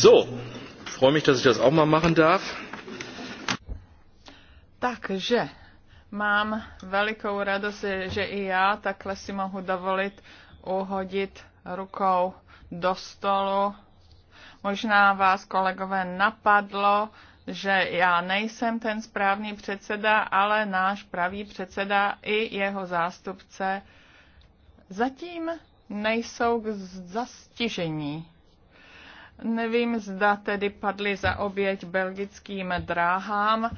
So, freue mich, dass ich das auch mal machen darf. Takže mám velikou radost, že i já takhle si mohu dovolit uhodit rukou do stolu. Možná vás, kolegové, napadlo, že já nejsem ten správný předseda, ale náš pravý předseda i jeho zástupce zatím nejsou k zastižení Nevím, zda tedy padly za oběť belgickým dráhám.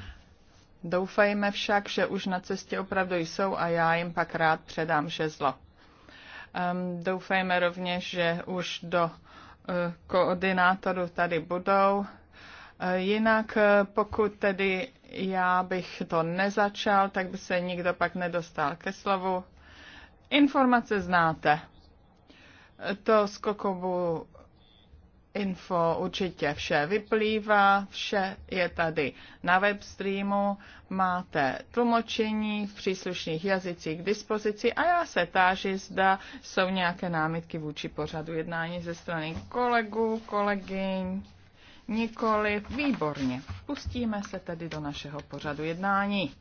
Doufejme však, že už na cestě opravdu jsou a já jim pak rád předám žezlo. Um, doufejme rovněž, že už do uh, tady budou. Uh, jinak, uh, pokud tedy já bych to nezačal, tak by se nikdo pak nedostal ke slovu. Informace znáte. To z info určitě vše vyplývá, vše je tady na webstreamu, máte tlumočení v příslušných jazycích k dispozici a já se táži, zda jsou nějaké námitky vůči pořadu jednání ze strany kolegů, kolegyň, nikoli, výborně. Pustíme se tedy do našeho pořadu jednání.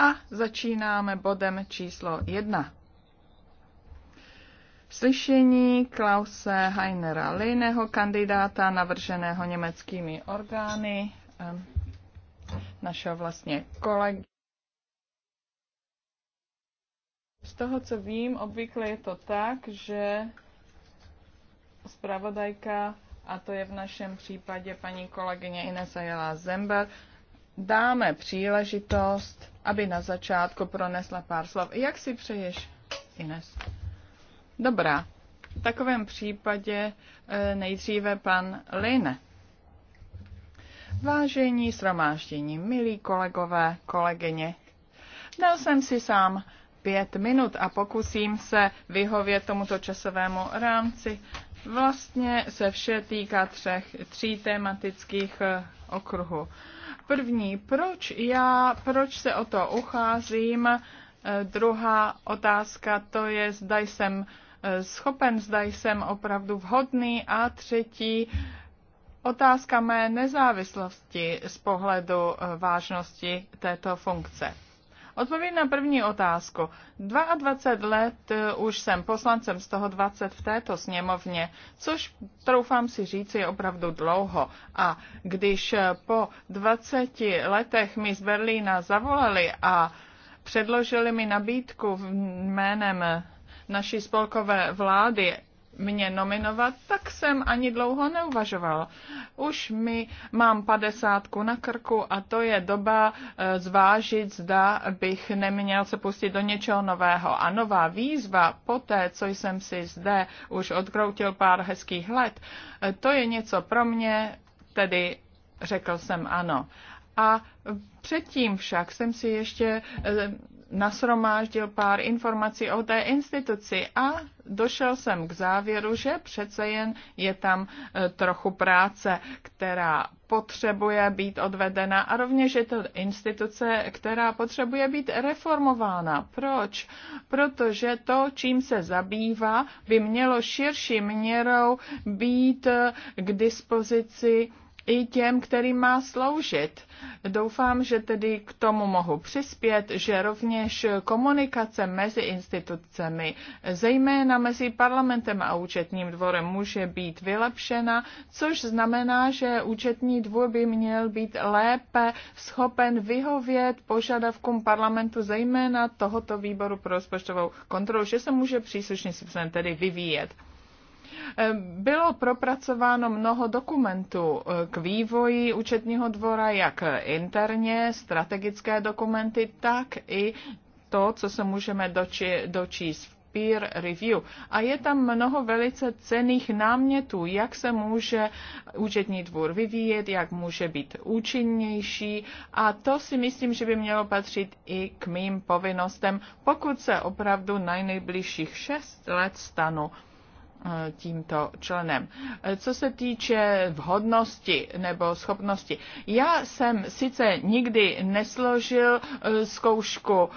A začínáme bodem číslo jedna. Slyšení Klause Heinera Lejného, kandidáta navrženého německými orgány, ehm, našeho vlastně kolegy. Z toho, co vím, obvykle je to tak, že zpravodajka, a to je v našem případě paní kolegyně Inesa Jelá Zember, dáme příležitost, aby na začátku pronesla pár slov. Jak si přeješ, Ines? Dobrá. V takovém případě eh, nejdříve pan Line. Vážení sromáždění, milí kolegové, kolegyně, dal jsem si sám pět minut a pokusím se vyhovět tomuto časovému rámci. Vlastně se vše týká třech, tří tematických eh, okruhů. První, proč já, proč se o to ucházím? Eh, druhá otázka, to je, zda jsem eh, schopen, zda jsem opravdu vhodný. A třetí, otázka mé nezávislosti z pohledu eh, vážnosti této funkce. Odpověď na první otázku. 22 let eh, už jsem poslancem, z toho 20 v této sněmovně, což troufám si říct je opravdu dlouho. A když eh, po 20 letech mi z Berlína zavolali a předložili mi nabídku jménem naší spolkové vlády mě nominovat, tak jsem ani dlouho neuvažoval. Už mi mám padesátku na krku a to je doba eh, zvážit, zda bych neměl se pustit do něčeho nového. A nová výzva po té, co jsem si zde už odkroutil pár hezkých let, eh, to je něco pro mě, tedy řekl jsem ano. A předtím však jsem si ještě eh, nasromáždil pár informací o té instituci a došel jsem k závěru, že přece jen je tam e, trochu práce, která potřebuje být odvedena a rovněž je to instituce, která potřebuje být reformována. Proč? Protože to, čím se zabývá, by mělo širší měrou být e, k dispozici i těm, kterým má sloužit. Doufám, že tedy k tomu mohu přispět, že rovněž komunikace mezi institucemi, zejména mezi parlamentem a účetním dvorem, může být vylepšena, což znamená, že účetní dvůr by měl být lépe schopen vyhovět požadavkům parlamentu, zejména tohoto výboru pro rozpočtovou kontrolu, že se může příslušně tedy vyvíjet. Eh, bylo propracováno mnoho dokumentů eh, k vývoji účetního dvora, jak interně, strategické dokumenty, tak i to, co se můžeme doči, dočíst v peer review. A je tam mnoho velice cených námětů, jak se může účetní dvůr vyvíjet, jak může být účinnější. A to si myslím, že by mělo patřit i k mým povinnostem, pokud se opravdu na nejbližších šest let stanu Eh, tímto členem. Eh, co se týče vhodnosti nebo schopnosti, já jsem sice nikdy nesložil eh, zkoušku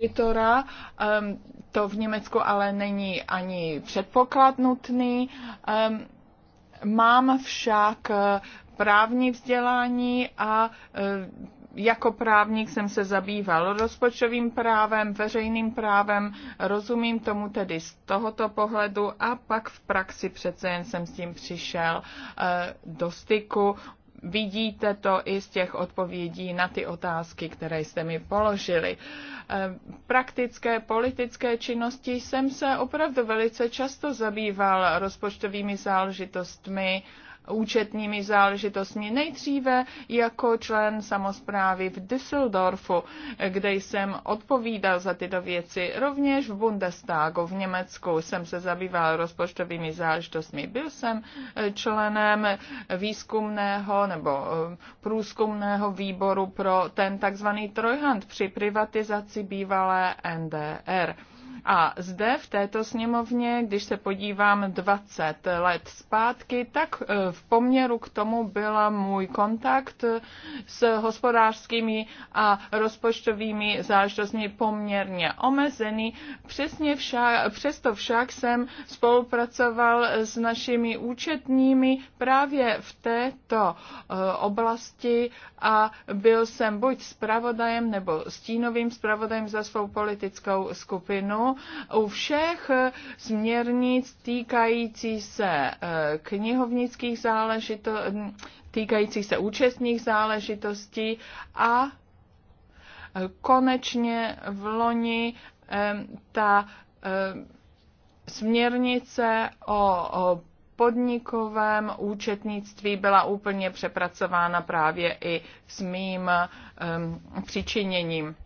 auditora. to v Německu ale není ani předpoklad nutný. mám však právní vzdělání a jako právník jsem se zabýval rozpočtovým právem, veřejným právem, rozumím tomu tedy z tohoto pohledu a pak v praxi přece jen jsem s tím přišel eh, do styku. Vidíte to i z těch odpovědí na ty otázky, které jste mi položili. Eh, praktické politické činnosti jsem se opravdu velice často zabýval rozpočtovými záležitostmi, účetními záležitostmi. Nejdříve jako člen samozprávy v Düsseldorfu, kde jsem odpovídal za tyto věci. Rovněž v Bundestagu v Německu jsem se zabýval rozpočtovými záležitostmi. Byl jsem eh, členem výzkumného nebo eh, průzkumného výboru pro ten takzvaný Trojhand při privatizaci bývalé NDR. A zde v této sněmovně, když se podívám 20 let zpátky, tak e, v poměru k tomu byl můj kontakt s hospodářskými a rozpočtovými záležitostmi poměrně omezený. Přesně však, přesto však jsem spolupracoval s našimi účetními právě v této e, oblasti a byl jsem buď zpravodajem nebo stínovým zpravodajem za svou politickou skupinu u všech směrnic týkající se eh, knihovnických záležitostí, týkající se účestních záležitostí a eh, konečně v loni eh, ta směrnice o podnikovém účetnictví byla úplně přepracována právě i s mým um, přičiněním.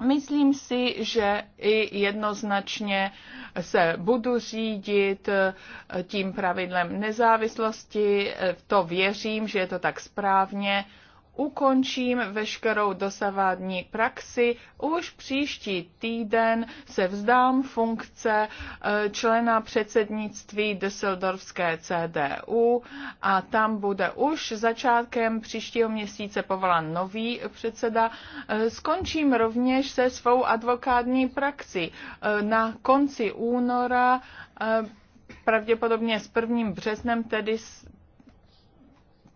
Myslím si, že i jednoznačně se budu řídit eh, tím pravidlem nezávislosti. Eh, v to věřím, že je to tak správně ukončím veškerou dosavádní praxi. Už příští týden se vzdám funkce eh, člena předsednictví Düsseldorfské CDU a tam bude už začátkem příštího měsíce povolán nový předseda. Eh, skončím rovněž se svou advokátní praxi. Eh, na konci února pravděpodobně s prvním březnem tedy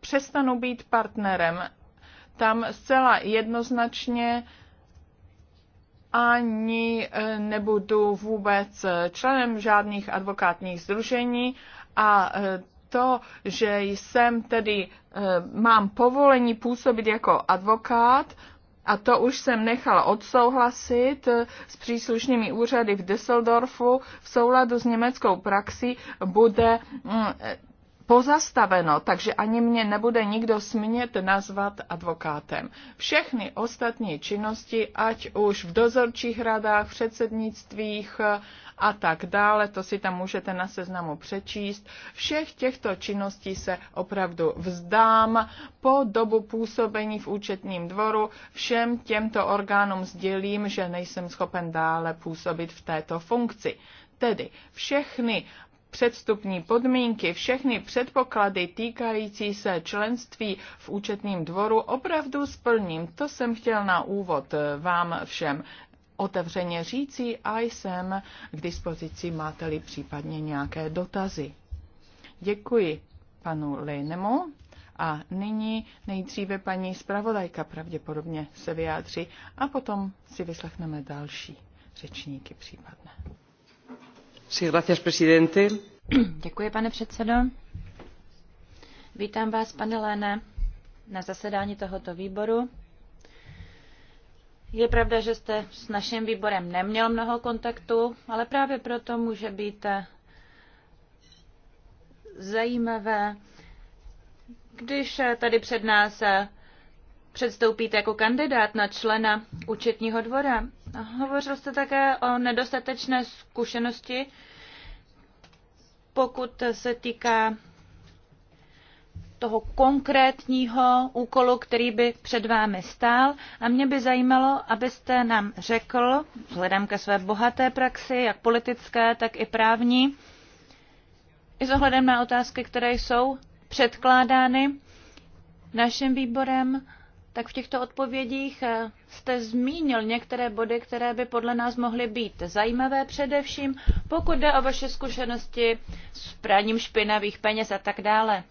přestanu být partnerem tam zcela jednoznačně ani e, nebudu vůbec členem žádných advokátních združení a e, to, že jsem tedy, e, mám povolení působit jako advokát, a to už jsem nechala odsouhlasit s příslušnými úřady v Düsseldorfu v souladu s německou praxí, bude mm, pozastaveno, takže ani mě nebude nikdo smět nazvat advokátem. Všechny ostatní činnosti, ať už v dozorčích radách, v předsednictvích a tak dále, to si tam můžete na seznamu přečíst, všech těchto činností se opravdu vzdám po dobu působení v účetním dvoru. Všem těmto orgánům sdělím, že nejsem schopen dále působit v této funkci. Tedy všechny předstupní podmínky, všechny předpoklady týkající se členství v účetním dvoru opravdu splním. To jsem chtěl na úvod vám všem otevřeně říci a jsem k dispozici, máte-li případně nějaké dotazy. Děkuji panu Lejnemu. A nyní nejdříve paní zpravodajka pravděpodobně se vyjádří a potom si vyslechneme další řečníky případné. Děkuji, pane předsedo. Vítám vás, pane lehne na zasedání tohoto výboru. Je pravda, že jste s naším výborem neměl mnoho kontaktů, ale právě proto může být zajímavé, když tady před nás předstoupíte jako kandidát na člena účetního dvora Hovořil jste také o nedostatečné zkušenosti, pokud se týká toho konkrétního úkolu, který by před vámi stál. A mě by zajímalo, abyste nám řekl, vzhledem ke své bohaté praxi, jak politické, tak i právní, i s ohledem na otázky, které jsou předkládány našim výborem, tak v těchto odpovědích eh, jste zmínil některé body, které by podle nás mohly být zajímavé, především pokud jde o vaše zkušenosti s praním špinavých peněz a tak dále.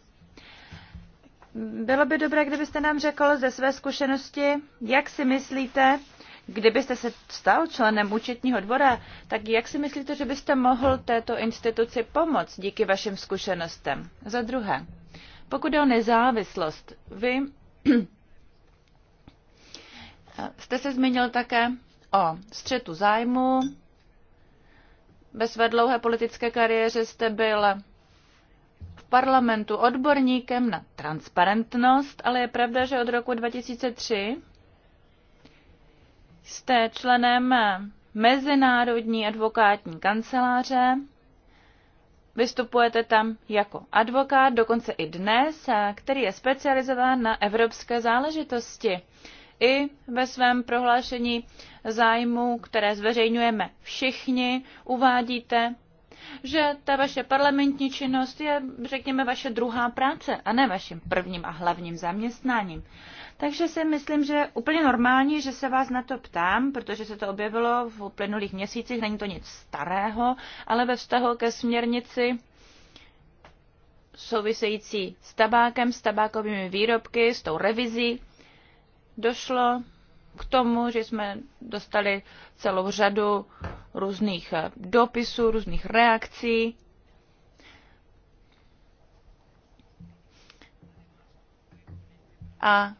Bylo by dobré, kdybyste nám řekl ze své zkušenosti, jak si myslíte, kdybyste se stal členem účetního dvora, tak jak si myslíte, že byste mohl této instituci pomoct díky vašim zkušenostem? Za druhé, pokud jde o nezávislost, vy Jste se zmínil také o střetu zájmu. Ve své dlouhé politické kariéře jste byl v parlamentu odborníkem na transparentnost, ale je pravda, že od roku 2003 jste členem Mezinárodní advokátní kanceláře. Vystupujete tam jako advokát, dokonce i dnes, který je specializován na evropské záležitosti i ve svém prohlášení zájmu, které zveřejňujeme všichni, uvádíte, že ta vaše parlamentní činnost je, řekněme, vaše druhá práce a ne vaším prvním a hlavním zaměstnáním. Takže si myslím, že je úplně normální, že se vás na to ptám, protože se to objevilo v uplynulých měsících, není to nic starého, ale ve vztahu ke směrnici související s tabákem, s tabákovými výrobky, s tou revizí, došlo k tomu, že jsme dostali celou řadu různých eh, dopisů, různých reakcí. A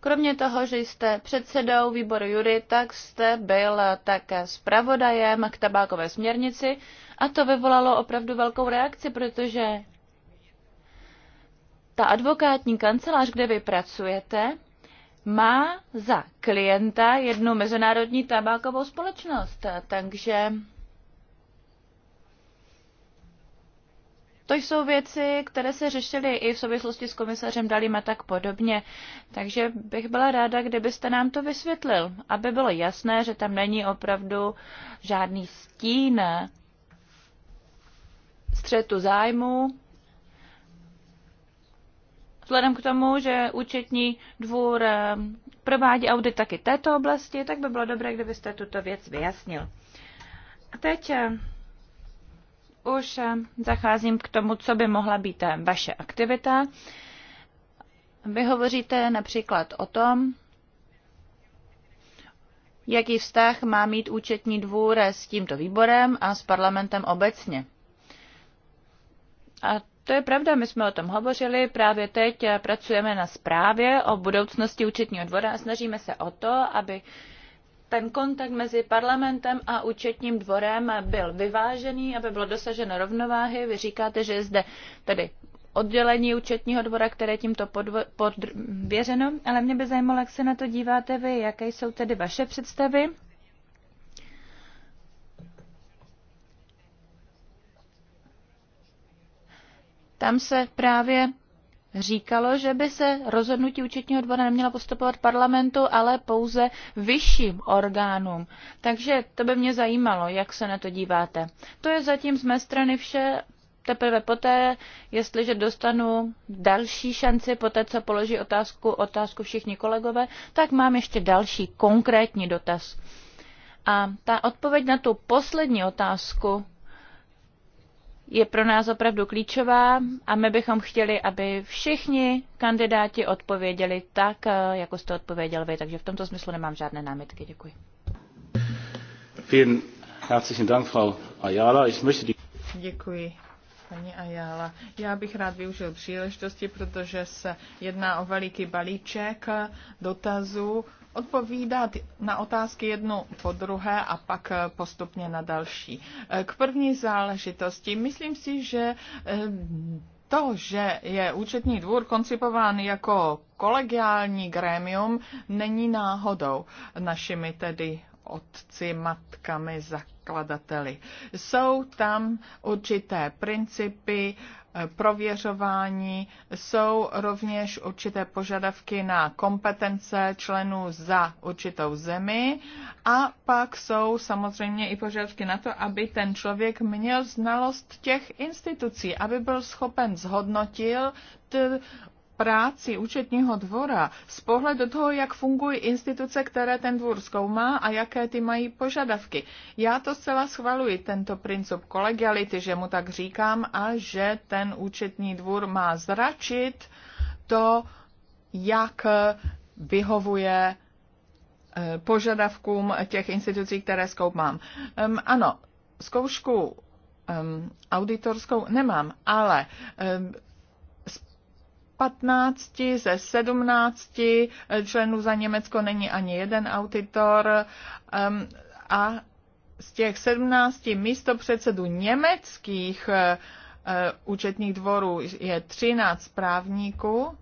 kromě toho, že jste předsedou výboru Jury, tak jste byl eh, také zpravodajem k tabákové směrnici a to vyvolalo opravdu velkou reakci, protože ta advokátní kancelář, kde vy pracujete, má za klienta jednu mezinárodní tabákovou společnost. Takže To jsou věci, které se řešily i v souvislosti s komisařem Dalím a tak podobně. Takže bych byla ráda, kdybyste nám to vysvětlil, aby bylo jasné, že tam není opravdu žádný stín střetu zájmu Vzhledem k tomu, že účetní dvůr eh, provádí audit taky této oblasti, tak by bylo dobré, kdybyste tuto věc vyjasnil. A teď eh, už eh, zacházím k tomu, co by mohla být vaše aktivita. Vy hovoříte například o tom, jaký vztah má mít účetní dvůr s tímto výborem a s parlamentem obecně. A to je pravda, my jsme o tom hovořili, právě teď eh, pracujeme na zprávě o budoucnosti účetního dvora a snažíme se o to, aby ten kontakt mezi parlamentem a účetním dvorem byl vyvážený, aby bylo dosaženo rovnováhy. Vy říkáte, že je zde tedy oddělení účetního dvora, které tímto podvěřeno, ale mě by zajímalo, jak se na to díváte vy, jaké jsou tedy vaše představy Tam se právě říkalo, že by se rozhodnutí účetního dvora neměla postupovat parlamentu, ale pouze vyšším orgánům. Takže to by mě zajímalo, jak se na to díváte. To je zatím z mé strany vše. Teprve poté, jestliže dostanu další šanci, poté co položí otázku, otázku všichni kolegové, tak mám ještě další konkrétní dotaz. A ta odpověď na tu poslední otázku je pro nás opravdu klíčová a my bychom chtěli, aby všichni kandidáti odpověděli tak, eh, jako jste odpověděl vy. Takže v tomto smyslu nemám žádné námitky. Děkuji. Vielen herzlichen Dank, Frau Ayala. Ich möchte die... Děkuji Pani Ayala. Já bych rád využil příležitosti, protože se jedná o veliký balíček dotazů odpovídat na otázky jednu po druhé a pak eh, postupně na další. Eh, k první záležitosti. Myslím si, že eh, to, že je účetní dvůr koncipován jako kolegiální grémium, není náhodou našimi tedy otci, matkami, zakladateli. Jsou tam určité principy, prověřování. Jsou rovněž určité požadavky na kompetence členů za určitou zemi a pak jsou samozřejmě i požadavky na to, aby ten člověk měl znalost těch institucí, aby byl schopen zhodnotit práci účetního dvora z pohledu toho, jak fungují instituce, které ten dvůr zkoumá a jaké ty mají požadavky. Já to zcela schvaluji, tento princip kolegiality, že mu tak říkám, a že ten účetní dvůr má zračit to, jak vyhovuje eh, požadavkům těch institucí, které zkoumám. Um, ano, zkoušku um, auditorskou nemám, ale um, 15 ze 17 eh, členů za Německo není ani jeden auditor um, a z těch 17 místopředsedů německých uh, účetních dvorů je 13 právníků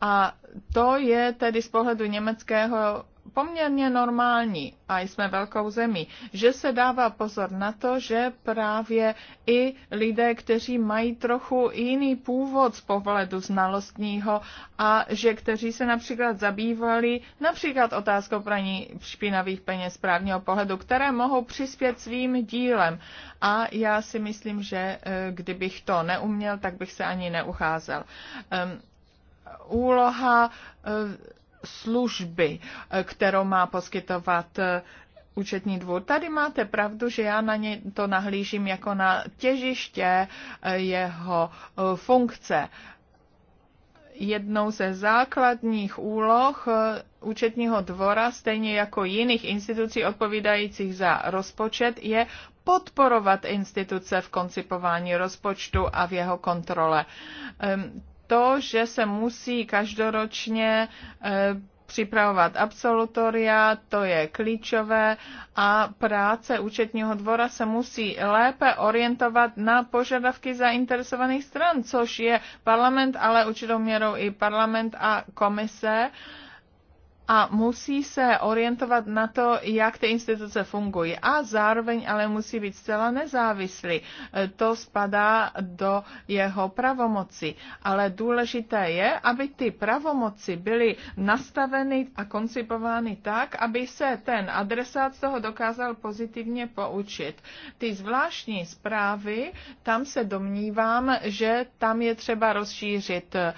a to je tedy z pohledu německého poměrně normální, a jsme velkou zemí, že se dává pozor na to, že právě i lidé, kteří mají trochu jiný původ z pohledu znalostního a že kteří se například zabývali například otázkou praní špinavých peněz právního pohledu, které mohou přispět svým dílem. A já si myslím, že eh, kdybych to neuměl, tak bych se ani neucházel ehm, úloha eh, služby, eh, kterou má poskytovat eh, účetní dvůr. Tady máte pravdu, že já na ně to nahlížím jako na těžiště eh, jeho funkce. Jednou ze základních úloh účetního dvora, stejně jako jiných institucí odpovídajících za rozpočet, je podporovat instituce v koncipování rozpočtu a v jeho kontrole. Ehm, to, že se musí každoročně eh, připravovat absolutoria, to je klíčové a práce účetního dvora se musí lépe orientovat na požadavky zainteresovaných stran, což je parlament, ale určitou měrou i parlament a komise. Uh, a musí se orientovat na to, jak ty instituce fungují. A zároveň ale musí být zcela nezávislý. E, to spadá do jeho pravomoci. Ale důležité je, aby ty pravomoci byly nastaveny a koncipovány tak, aby se ten adresát z toho dokázal pozitivně poučit. Ty zvláštní zprávy, tam se domnívám, že tam je třeba rozšířit e,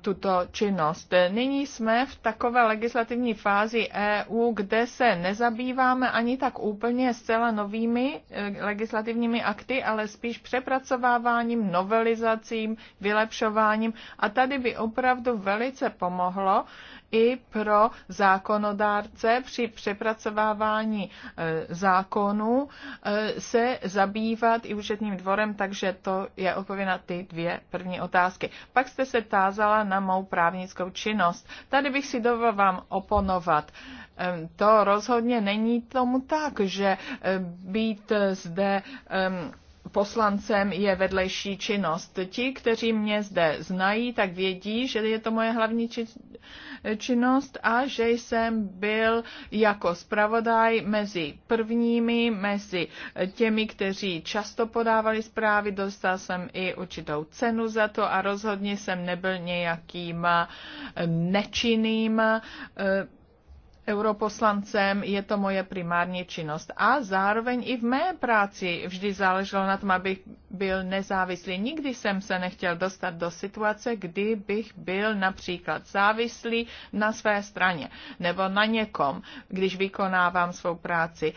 tuto činnost. Nyní jsme v takové legislativní legislativní fázi EU, kde se nezabýváme ani tak úplně zcela novými eh, legislativními akty, ale spíš přepracováváním, novelizacím, vylepšováním. A tady by opravdu velice pomohlo i pro zákonodárce při přepracovávání eh, zákonů eh, se zabývat i účetním dvorem, takže to je odpověď na ty dvě první otázky. Pak jste se tázala na mou právnickou činnost. Tady bych si dovolila vám oponovat. To rozhodně není tomu tak, že být zde poslancem je vedlejší činnost. Ti, kteří mě zde znají, tak vědí, že je to moje hlavní činnost a že jsem byl jako zpravodaj mezi prvními, mezi těmi, kteří často podávali zprávy. Dostal jsem i určitou cenu za to a rozhodně jsem nebyl nějakým nečinným eh, europoslancem, je to moje primární činnost. A zároveň i v mé práci vždy záleželo na tom, abych byl nezávislý. Nikdy jsem se nechtěl dostat do situace, kdy bych byl například závislý na své straně nebo na někom, když vykonávám svou práci.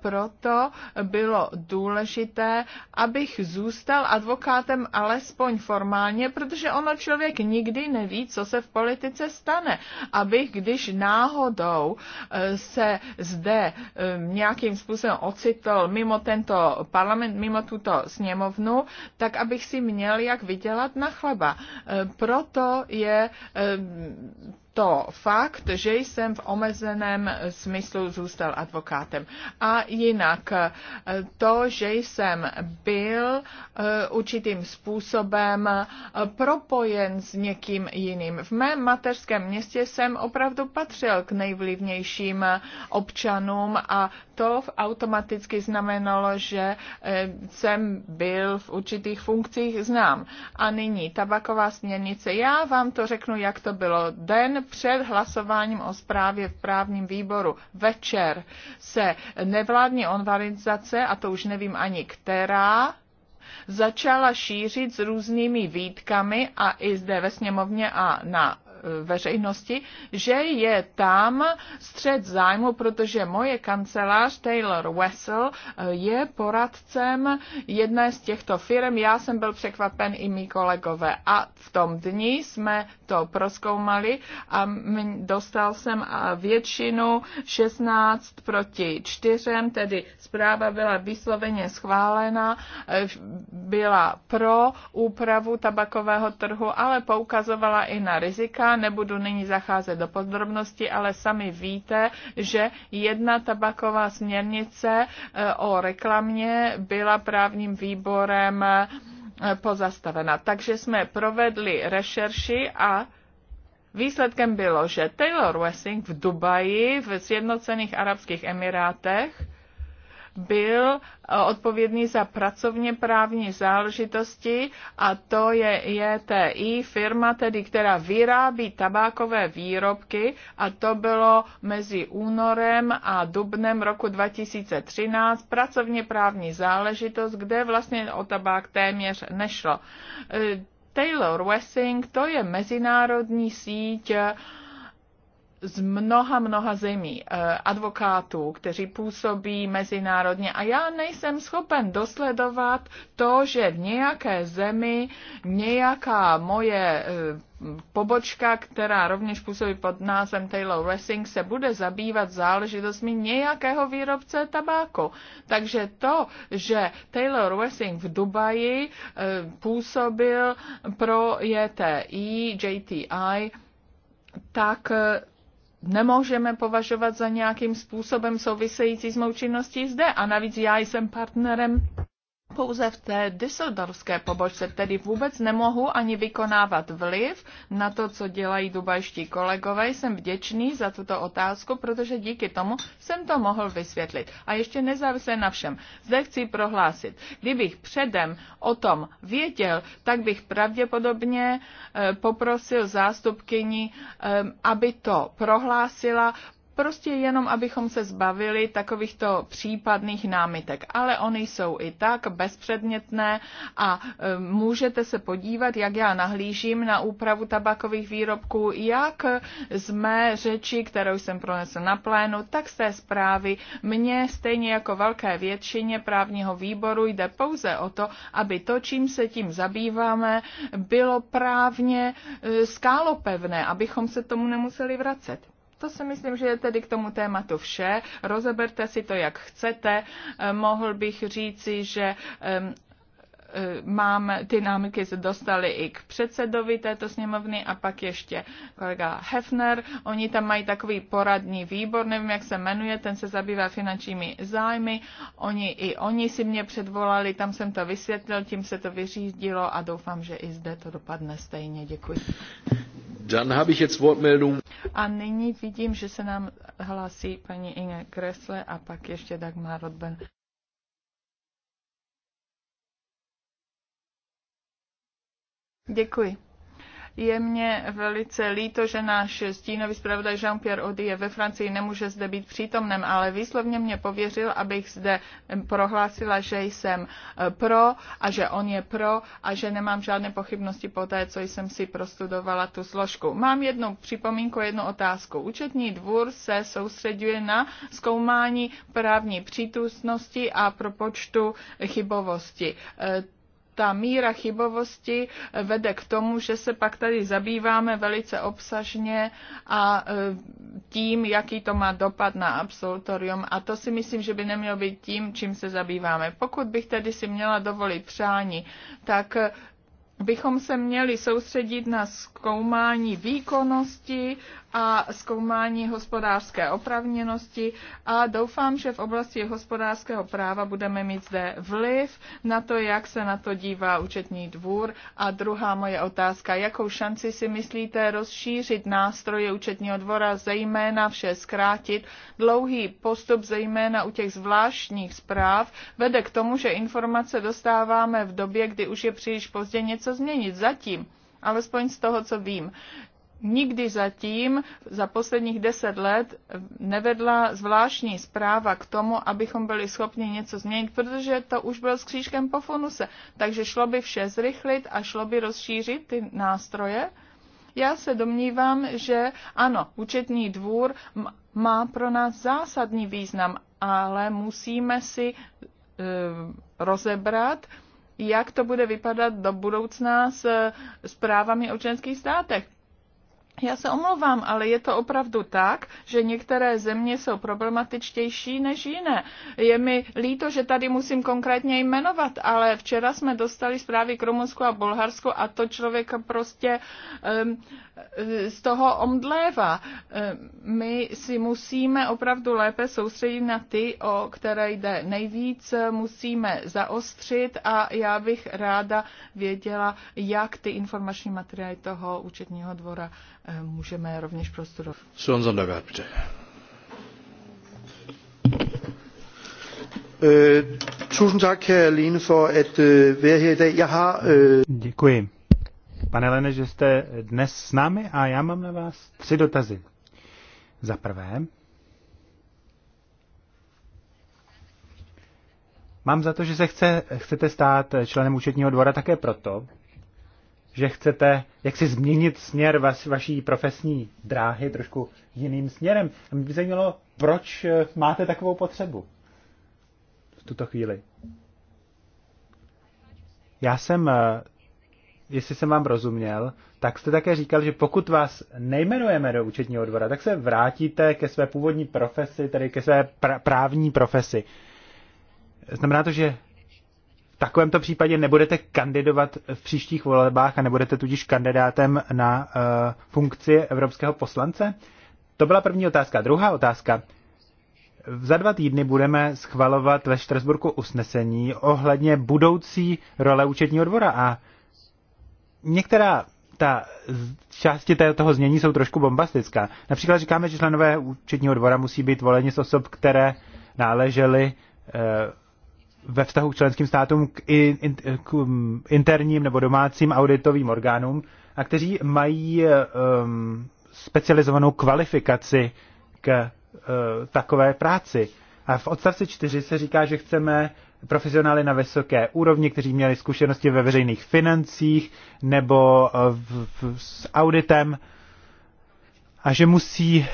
Proto bylo důležité, abych zůstal advokátem alespoň formálně, protože ono člověk nikdy neví, co se v politice stane. Abych, když náhodou Eh, se zde eh, nějakým způsobem ocitl mimo tento parlament, mimo tuto sněmovnu, tak abych si měl jak vydělat na chleba. Eh, proto je to fakt, že jsem v omezeném smyslu zůstal advokátem. A jinak eh, to, že jsem byl eh, určitým způsobem eh, propojen s někým jiným. V mém mateřském městě jsem opravdu patřil k nejvlivnějším občanům a to automaticky znamenalo, že jsem byl v určitých funkcích znám. A nyní tabaková směrnice. Já vám to řeknu, jak to bylo den před hlasováním o zprávě v právním výboru večer se nevládní organizace, a to už nevím ani která, začala šířit s různými výtkami a i zde ve sněmovně a na veřejnosti, že je tam střed zájmu, protože moje kancelář Taylor Wessel eh, je poradcem jedné z těchto firm. Já jsem byl překvapen i mý kolegové. A v tom dni jsme to proskoumali a dostal jsem eh, většinu 16 proti 4, tedy zpráva byla vysloveně schválena, eh, byla pro úpravu tabakového trhu, ale poukazovala i na rizika, nebudu nyní zacházet do podrobnosti, ale sami víte, že jedna tabaková směrnice eh, o reklamě byla právním výborem eh, pozastavena. Takže jsme provedli rešerši a výsledkem bylo, že Taylor Wessing v Dubaji, v Sjednocených Arabských Emirátech, byl eh, odpovědný za pracovně právní záležitosti a to je JTI, e firma tedy, která vyrábí tabákové výrobky a to bylo mezi únorem a dubnem roku 2013 pracovně právní záležitost, kde vlastně o tabák téměř nešlo. Eh, Taylor Wessing, to je mezinárodní síť uh, z mnoha, mnoha zemí, eh, advokátů, kteří působí mezinárodně a já nejsem schopen dosledovat to, že v nějaké zemi nějaká moje eh, pobočka, která rovněž působí pod názvem Taylor Racing, se bude zabývat záležitostmi nějakého výrobce tabáku. Takže to, že Taylor Racing v Dubaji eh, působil pro JTI, JTI, tak nemůžeme považovat za nějakým způsobem související s mou činností zde. A navíc já jsem partnerem pouze v té Düsseldorfské pobočce, tedy vůbec nemohu ani vykonávat vliv na to, co dělají dubajští kolegové. Jsem vděčný za tuto otázku, protože díky tomu jsem to mohl vysvětlit. A ještě nezávisle na všem. Zde chci prohlásit, kdybych předem o tom věděl, tak bych pravděpodobně eh, poprosil zástupkyni, eh, aby to prohlásila, Prostě jenom, abychom se zbavili takovýchto případných námitek. Ale oni jsou i tak bezpředmětné a e, můžete se podívat, jak já nahlížím na úpravu tabakových výrobků, jak z mé řeči, kterou jsem pronesl na plénu, tak z té zprávy. Mně stejně jako velké většině právního výboru jde pouze o to, aby to, čím se tím zabýváme, bylo právně e, skálopevné, abychom se tomu nemuseli vracet. To si myslím, že je tedy k tomu tématu vše. Rozeberte si to, jak chcete. Eh, mohl bych říci, že eh, mám, ty námitky se dostaly i k předsedovi této sněmovny a pak ještě kolega Hefner. Oni tam mají takový poradní výbor, nevím, jak se jmenuje, ten se zabývá finančními zájmy. Oni i oni si mě předvolali, tam jsem to vysvětlil, tím se to vyřídilo a doufám, že i zde to dopadne stejně. Děkuji. Dann habe ich jetzt Wortmeldung. A nyní vidím, že se nám hlásí paní Inge Kresle a pak ještě Dagmar Rodben. Děkuji. Je mně velice líto, že náš stínový zpravodaj Jean-Pierre Audy je ve Francii, nemůže zde být přítomnem, ale výslovně mě pověřil, abych zde prohlásila, že jsem eh, pro a že on je pro a že nemám žádné pochybnosti po té, co jsem si prostudovala tu složku. Mám jednu připomínku, jednu otázku. Účetní dvůr se soustředuje na zkoumání právní přítusnosti a propočtu chybovosti. Eh, ta míra chybovosti vede k tomu, že se pak tady zabýváme velice obsažně a e, tím, jaký to má dopad na absolutorium. A to si myslím, že by nemělo být tím, čím se zabýváme. Pokud bych tedy si měla dovolit přání, tak e, bychom se měli soustředit na zkoumání výkonnosti a zkoumání hospodářské opravněnosti a doufám, že v oblasti hospodářského práva budeme mít zde vliv na to, jak se na to dívá účetní dvůr. A druhá moje otázka, jakou šanci si myslíte rozšířit nástroje účetního dvora, zejména vše zkrátit? Dlouhý postup, zejména u těch zvláštních zpráv, vede k tomu, že informace dostáváme v době, kdy už je příliš pozdě něco změnit. Zatím alespoň z toho, co vím nikdy zatím za posledních deset let nevedla zvláštní zpráva k tomu, abychom byli schopni něco změnit, protože to už bylo s křížkem po funuse. Takže šlo by vše zrychlit a šlo by rozšířit ty nástroje. Já se domnívám, že ano, účetní dvůr má pro nás zásadní význam, ale musíme si e, rozebrat, jak to bude vypadat do budoucna s zprávami eh, o členských státech já se omlouvám, ale je to opravdu tak, že některé země jsou problematičtější než jiné. Je mi líto, že tady musím konkrétně jmenovat, ale včera jsme dostali zprávy k Rumunsku a Bulharsku a to člověka prostě um, z toho omdlévá. My si musíme opravdu lépe soustředit na ty, o které jde nejvíc, musíme zaostřit a já bych ráda věděla, jak ty informační materiály toho účetního dvora Eh, můžeme rovněž prostudovat. Sonza Zandagard, bitte. tak, eh, eh, Děkuji. Pane Lene, že jste dnes s námi a já mám na vás tři dotazy. Za prvé, mám za to, že se chce, chcete stát členem účetního dvora také proto, že chcete jak si změnit směr vaš, vaší profesní dráhy trošku jiným směrem. A mě by zajímalo, proč eh, máte takovou potřebu v tuto chvíli. Já jsem, eh, jestli jsem vám rozuměl, tak jste také říkal, že pokud vás nejmenujeme do účetního dvora, tak se vrátíte ke své původní profesi, tedy ke své pra- právní profesi. Znamená to, že takovémto případě nebudete kandidovat v příštích volebách a nebudete tudíž kandidátem na uh, funkci evropského poslance? To byla první otázka. Druhá otázka. Za dva týdny budeme schvalovat ve Štrasburku usnesení ohledně budoucí role účetního dvora a některá ta části toho znění jsou trošku bombastická. Například říkáme, že členové účetního dvora musí být voleni z osob, které náležely eh, ve vztahu k členským státům k, in, in, k um, interním nebo domácím auditovým orgánům a kteří mají um, specializovanou kvalifikaci k uh, takové práci. A v odstavci 4 se říká, že chceme profesionály na vysoké úrovni, kteří měli zkušenosti ve veřejných financích nebo uh, v, v, s auditem a že musí e,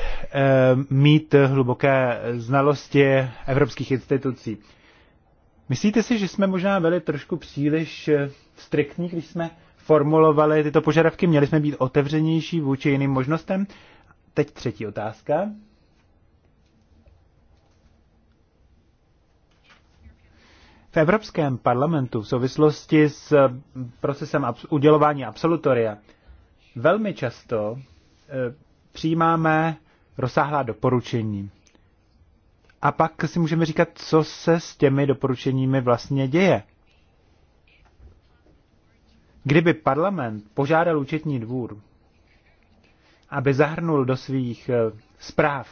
mít hluboké znalosti evropských institucí. Myslíte si, že jsme možná byli trošku příliš eh, striktní, když jsme formulovali tyto požadavky? Měli jsme být otevřenější vůči jiným možnostem? Teď třetí otázka. V Evropském parlamentu v souvislosti s eh, procesem udělování absolutoria velmi často eh, přijímáme rozsáhlá doporučení. A pak si můžeme říkat, co se s těmi doporučeními vlastně děje. Kdyby parlament požádal účetní dvůr, aby zahrnul do svých eh, zpráv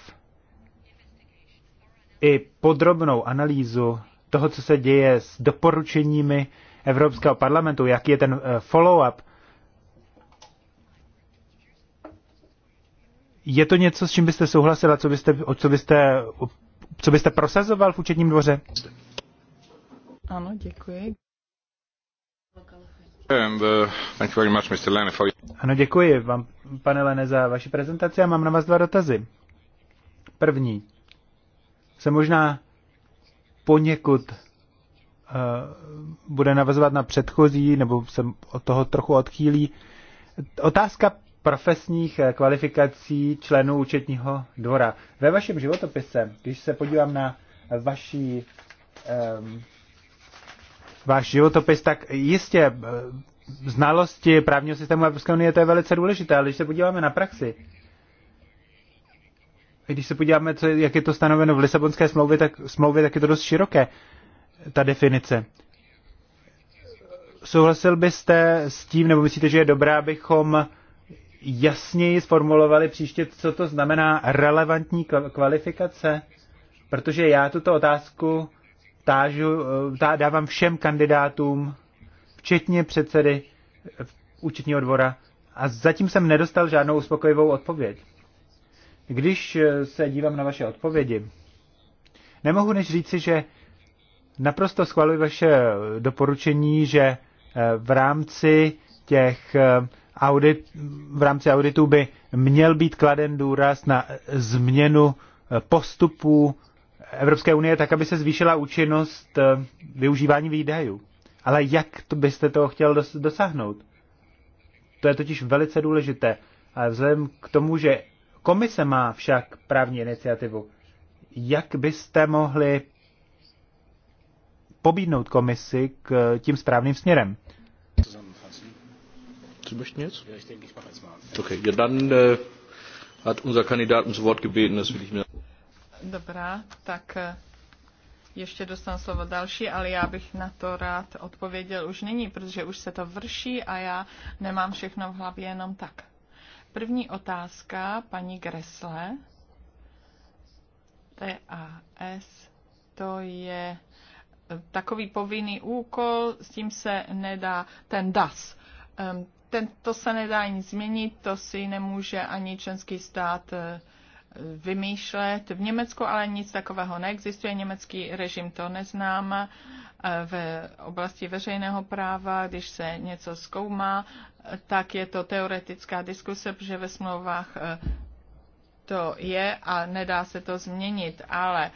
i podrobnou analýzu toho, co se děje s doporučeními Evropského parlamentu, jaký je ten eh, follow-up, je to něco, s čím byste souhlasila, co byste, o co byste co byste prosazoval v účetním dvoře? Ano, děkuji. And, uh, thank you very much, Mr. Lene, for... Ano, děkuji vám, pane Lene, za vaši prezentaci a mám na vás dva dotazy. První. Se možná poněkud uh, bude navazovat na předchozí, nebo se od toho trochu odchýlí. Otázka profesních eh, kvalifikací členů účetního dvora. Ve vašem životopise, když se podívám na vaší, um, váš životopis, tak jistě eh, znalosti právního systému Evropské unie to je velice důležité, ale když se podíváme na praxi, když se podíváme, co, jak je to stanoveno v Lisabonské smlouvě, tak, smlouvě, tak je to dost široké, ta definice. Souhlasil byste s tím, nebo myslíte, že je dobré, abychom jasněji sformulovali příště, co to znamená relevantní kvalifikace? Protože já tuto otázku tážu, tá, dávám všem kandidátům, včetně předsedy eh, účetního dvora, a zatím jsem nedostal žádnou uspokojivou odpověď. Když eh, se dívám na vaše odpovědi, nemohu než říci, že naprosto schvaluji vaše doporučení, že eh, v rámci těch audit, v rámci auditu by měl být kladen důraz na změnu eh, postupů Evropské unie tak, aby se zvýšila účinnost eh, využívání výdajů. Ale jak to byste toho chtěl dosáhnout? To je totiž velice důležité. A vzhledem k tomu, že komise má však právní iniciativu, jak byste mohli pobídnout komisi k eh, tím správným směrem? Sie möchten jetzt? Ja, ich denke, ich mache jetzt mal. Okay, ja, dann äh, hat unser Kandidat Wort gebeten, das will ich mir. Dobrá, tak eh, ještě dostanu slovo další, ale já bych na to rád odpověděl už nyní, protože už se to vrší a já nemám všechno v hlavě jenom tak. První otázka paní Gresle. TAS, to je eh, takový povinný úkol, s tím se nedá ten DAS. Ehm, ten to se nedá nic změnit, to si nemůže ani členský stát eh, vymýšlet. V Německu ale nic takového neexistuje, německý režim to neznám. Eh, v oblasti veřejného práva, když se něco zkoumá, eh, tak je to teoretická diskuse, protože ve smlouvách to je a nedá se to změnit, ale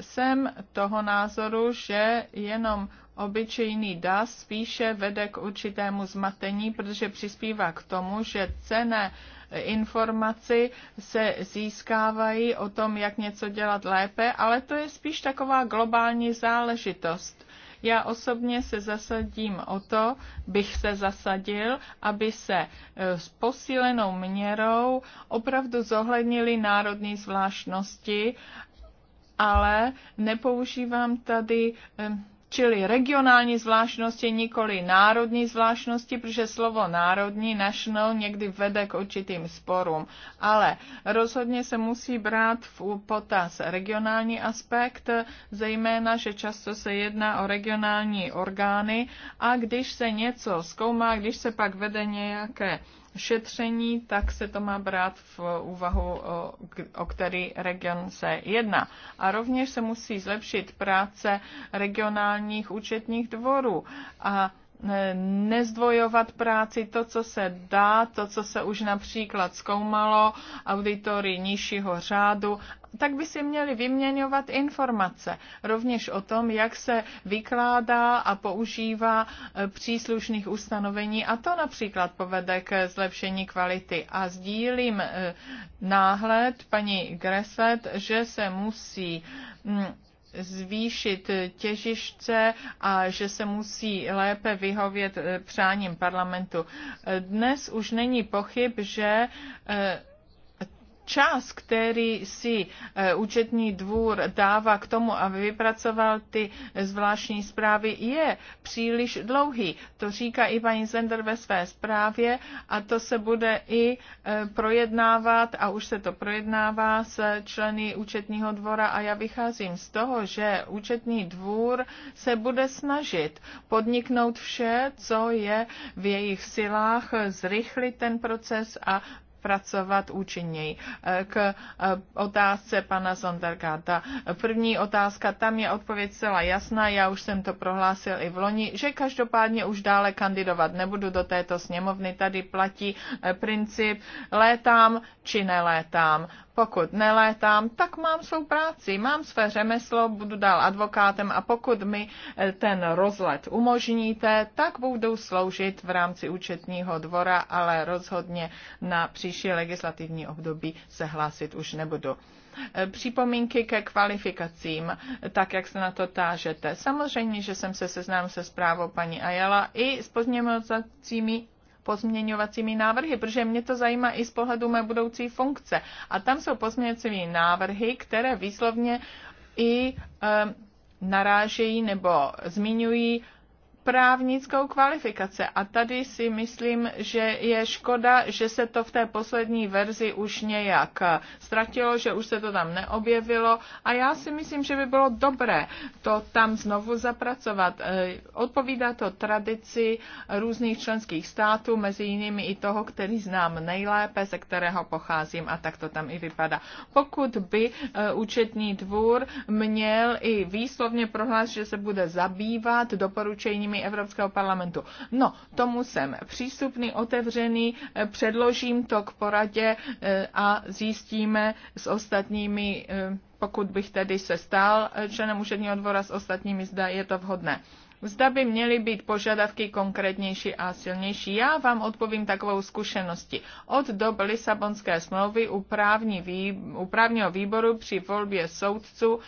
jsem toho názoru, že jenom obyčejný DAS spíše vede k určitému zmatení, protože přispívá k tomu, že cené informaci se získávají o tom, jak něco dělat lépe, ale to je spíš taková globální záležitost. Já osobně se zasadím o to, bych se zasadil, aby se e, s posílenou měrou opravdu zohlednili národní zvláštnosti ale nepoužívám tady čili regionální zvláštnosti, nikoli národní zvláštnosti, protože slovo národní, national, někdy vede k určitým sporům. Ale rozhodně se musí brát v potaz regionální aspekt, zejména, že často se jedná o regionální orgány a když se něco zkoumá, když se pak vede nějaké šetření, tak se to má brát v úvahu, o který region se jedná. A rovněž se musí zlepšit práce regionálních účetních dvorů a Eh, nezdvojovat práci, to, co se dá, to, co se už například zkoumalo, auditory nižšího řádu, tak by si měli vyměňovat informace rovněž o tom, jak se vykládá a používá eh, příslušných ustanovení a to například povede k zlepšení kvality. A sdílím eh, náhled paní Greset, že se musí mm, zvýšit těžišce a že se musí lépe vyhovět eh, přáním parlamentu. Eh, dnes už není pochyb, že eh, čas, který si eh, účetní dvůr dává k tomu, aby vypracoval ty zvláštní zprávy, je příliš dlouhý. To říká i paní Zender ve své zprávě a to se bude i eh, projednávat a už se to projednává s členy účetního dvora a já vycházím z toho, že účetní dvůr se bude snažit podniknout vše, co je v jejich silách, zrychlit ten proces a pracovat účinněji. Eh, K eh, otázce pana Zondergata. První otázka, tam je odpověď celá jasná, já už jsem to prohlásil i v loni, že každopádně už dále kandidovat nebudu do této sněmovny. Tady platí eh, princip létám či nelétám. Pokud nelétám, tak mám svou práci, mám své řemeslo, budu dál advokátem a pokud mi ten rozlet umožníte, tak budu sloužit v rámci účetního dvora, ale rozhodně na příští příští legislativní období se hlásit už nebudu. E, připomínky ke kvalifikacím, tak jak se na to tážete. Samozřejmě, že jsem se seznám se zprávou paní Ajala i s pozměňovacími pozměňovacími návrhy, protože mě to zajímá i z pohledu mé budoucí funkce. A tam jsou pozměňovací návrhy, které výslovně i e, narážejí nebo zmiňují právnickou kvalifikaci. A tady si myslím, že je škoda, že se to v té poslední verzi už nějak eh, ztratilo, že už se to tam neobjevilo. A já si myslím, že by bylo dobré to tam znovu zapracovat. Eh, odpovídá to tradici různých členských států, mezi jinými i toho, který znám nejlépe, ze kterého pocházím a tak to tam i vypadá. Pokud by eh, účetní dvůr měl i výslovně prohlásit, že se bude zabývat doporučením zájmy Evropského parlamentu. No, tomu jsem přístupný, otevřený, eh, předložím to k poradě eh, a zjistíme s ostatními, eh, pokud bych tedy se stal členem úředního dvora s ostatními, zda je to vhodné. Zda by měly být požadavky konkrétnější a silnější. Já vám odpovím takovou zkušenosti. Od dob Lisabonské smlouvy u, právní vý, u právního výboru při volbě soudců,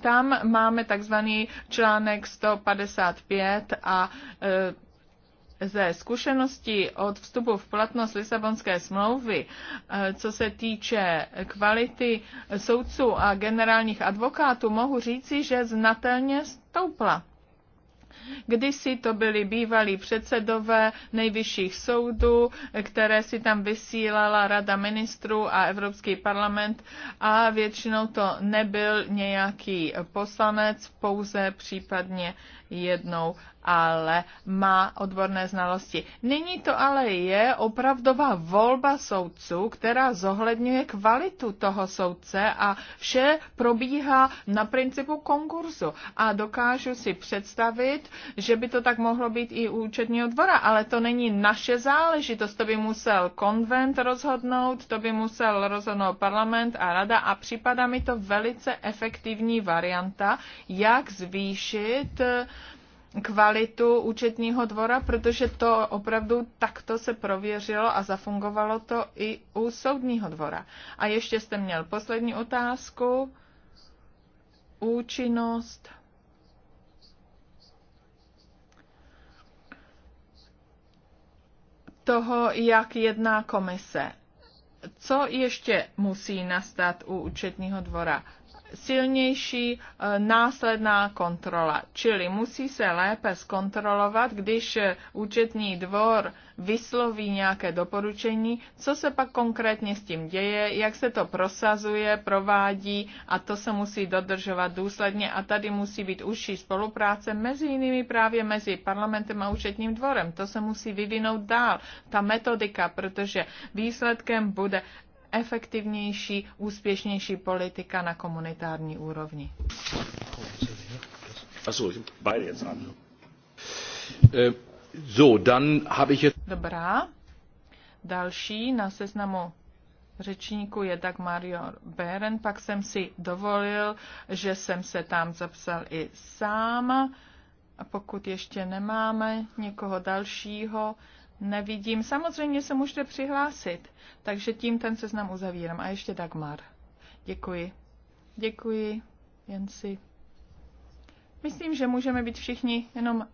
tam máme takzvaný článek 155 a e, ze zkušenosti od vstupu v platnost Lisabonské smlouvy, e, co se týče kvality soudců a generálních advokátů, mohu říci, že znatelně stoupla. Kdysi to byli bývalí předsedové nejvyšších soudů, které si tam vysílala Rada ministrů a Evropský parlament a většinou to nebyl nějaký poslanec, pouze případně jednou ale má odborné znalosti. Nyní to ale je opravdová volba soudců, která zohledňuje kvalitu toho soudce a vše probíhá na principu konkurzu. A dokážu si představit, že by to tak mohlo být i u účetního dvora, ale to není naše záležitost. To by musel konvent rozhodnout, to by musel rozhodnout parlament a rada a připadá mi to velice efektivní varianta, jak zvýšit eh, kvalitu účetního dvora, protože to opravdu takto se prověřilo a zafungovalo to i u soudního dvora. A ještě jste měl poslední otázku. Účinnost. toho, jak jedná komise. Co ještě musí nastat u účetního dvora? silnější eh, následná kontrola. Čili musí se lépe zkontrolovat, když eh, účetní dvor vysloví nějaké doporučení, co se pak konkrétně s tím děje, jak se to prosazuje, provádí a to se musí dodržovat důsledně a tady musí být užší spolupráce mezi jinými právě mezi parlamentem a účetním dvorem. To se musí vyvinout dál, ta metodika, protože výsledkem bude efektivnější, úspěšnější politika na komunitární úrovni. Äh, Dobrá. Další na seznamu řečníku je tak Mario Beren, pak jsem si dovolil, že jsem se tam zapsal i sám. A pokud ještě nemáme někoho dalšího Nevidím. Samozřejmě se můžete přihlásit. Takže tím ten seznam uzavírám. A ještě Dagmar. Děkuji. Děkuji, Jensi. Myslím, že můžeme být všichni jenom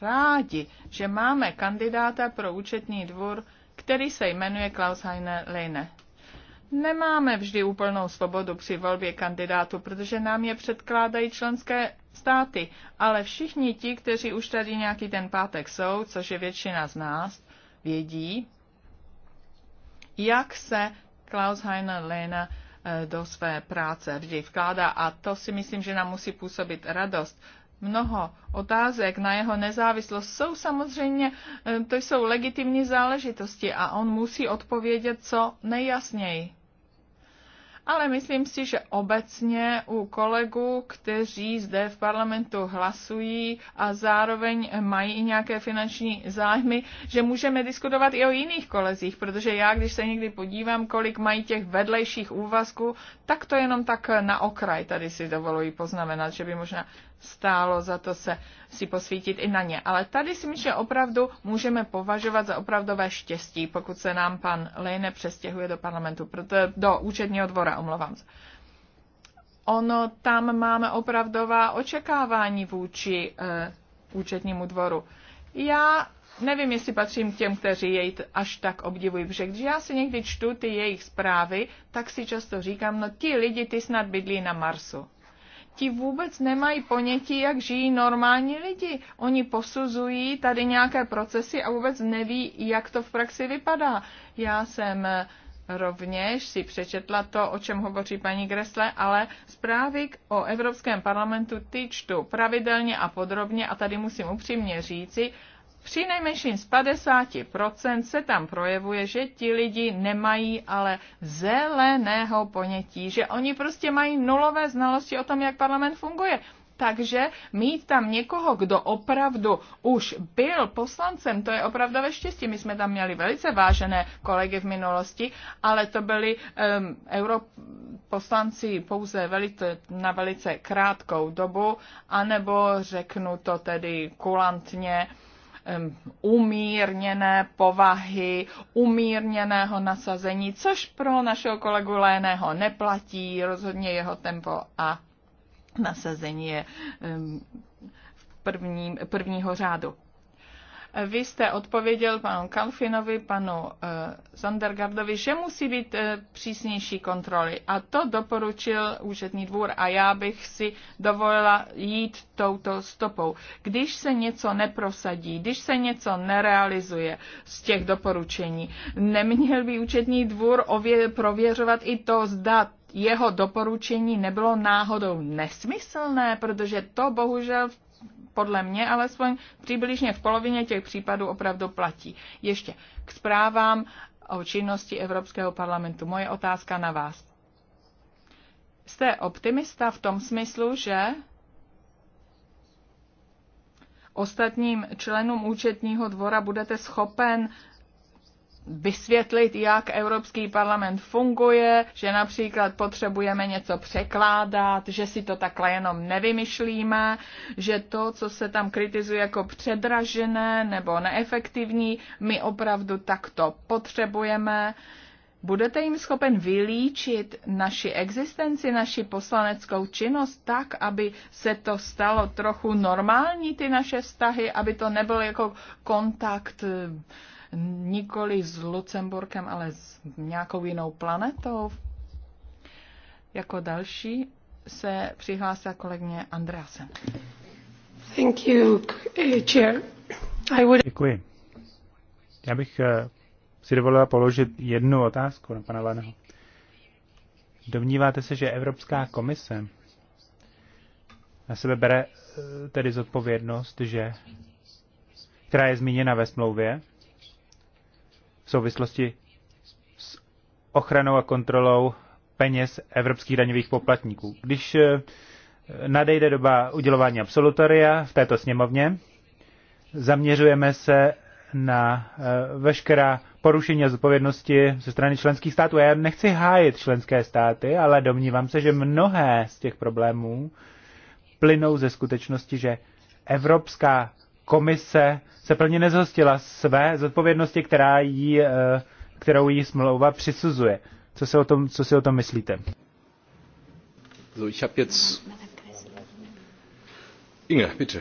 rádi, že máme kandidáta pro účetní dvůr, který se jmenuje Klaus Heine Leine. Nemáme vždy úplnou svobodu při volbě kandidátu, protože nám je předkládají členské státy. Ale všichni ti, kteří už tady nějaký ten pátek jsou, což je většina z nás, vědí, jak se Klaus Heiner Lena eh, do své práce vždy vkládá a to si myslím, že nám musí působit radost. Mnoho otázek na jeho nezávislost jsou samozřejmě, eh, to jsou legitimní záležitosti a on musí odpovědět co nejjasněji ale myslím si, že obecně u kolegů, kteří zde v parlamentu hlasují a zároveň mají i nějaké finanční zájmy, že můžeme diskutovat i o jiných kolezích, protože já, když se někdy podívám, kolik mají těch vedlejších úvazků, tak to jenom tak na okraj tady si dovoluji poznamenat, že by možná stálo za to se si posvítit i na ně. Ale tady si myslím, že opravdu můžeme považovat za opravdové štěstí, pokud se nám pan Lejne přestěhuje do parlamentu, proto, do účetního dvora, omlouvám se. Ono tam máme opravdová očekávání vůči e, účetnímu dvoru. Já nevím, jestli patřím těm, kteří jej až tak obdivují, protože když já si někdy čtu ty jejich zprávy, tak si často říkám, no ti lidi, ty snad bydlí na Marsu ti vůbec nemají ponětí, jak žijí normální lidi. Oni posuzují tady nějaké procesy a vůbec neví, jak to v praxi vypadá. Já jsem eh, rovněž si přečetla to, o čem hovoří paní Gresle, ale zprávy o Evropském parlamentu ty čtu pravidelně a podrobně a tady musím upřímně říci, při nejmenším z 50% se tam projevuje, že ti lidi nemají ale zeleného ponětí, že oni prostě mají nulové znalosti o tom, jak parlament funguje. Takže mít tam někoho, kdo opravdu už byl poslancem, to je opravdové štěstí. My jsme tam měli velice vážené kolegy v minulosti, ale to byli um, europoslanci pouze velice, na velice krátkou dobu, anebo řeknu to tedy kulantně, uh, umírněné povahy, umírněného nasazení, což pro našeho kolegu Léného neplatí, rozhodně jeho tempo a nasazení je prvním, prvního řádu. Vy jste odpověděl panu Kalfinovi, panu eh, Zandergardovi, že musí být eh, přísnější kontroly. A to doporučil úřední dvůr a já bych si dovolila jít touto stopou. Když se něco neprosadí, když se něco nerealizuje z těch doporučení, neměl by účetní dvůr ově- prověřovat i to, zda jeho doporučení nebylo náhodou nesmyslné, protože to bohužel v podle mě alespoň přibližně v polovině těch případů opravdu platí. Ještě k zprávám o činnosti Evropského parlamentu. Moje otázka na vás. Jste optimista v tom smyslu, že ostatním členům účetního dvora budete schopen vysvětlit, jak Evropský parlament funguje, že například potřebujeme něco překládat, že si to takhle jenom nevymyšlíme, že to, co se tam kritizuje jako předražené nebo neefektivní, my opravdu takto potřebujeme. Budete jim schopen vylíčit naši existenci, naši poslaneckou činnost tak, aby se to stalo trochu normální, ty naše vztahy, aby to nebyl jako kontakt nikoli s Lucemburkem, ale s nějakou jinou planetou. Jako další se přihlásila kolegyně Andreasen. Thank you, eh, chair. I would... Děkuji. Já bych eh, si dovolila položit jednu otázku na pana Leného. Domníváte se, že Evropská komise na sebe bere eh, tedy zodpovědnost, že, která je zmíněna ve smlouvě, souvislosti s ochranou a kontrolou peněz evropských daňových poplatníků. Když eh, nadejde doba udělování absolutoria v této sněmovně, zaměřujeme se na eh, veškerá porušení a zodpovědnosti ze strany členských států. Já nechci hájit členské státy, ale domnívám se, že mnohé z těch problémů plynou ze skutečnosti, že evropská komise se plně nezhostila své zodpovědnosti, která jí, eh, kterou jí smlouva přisuzuje. Co si o tom, co si o tom myslíte? So, ich hab jetzt... Inge, bitte.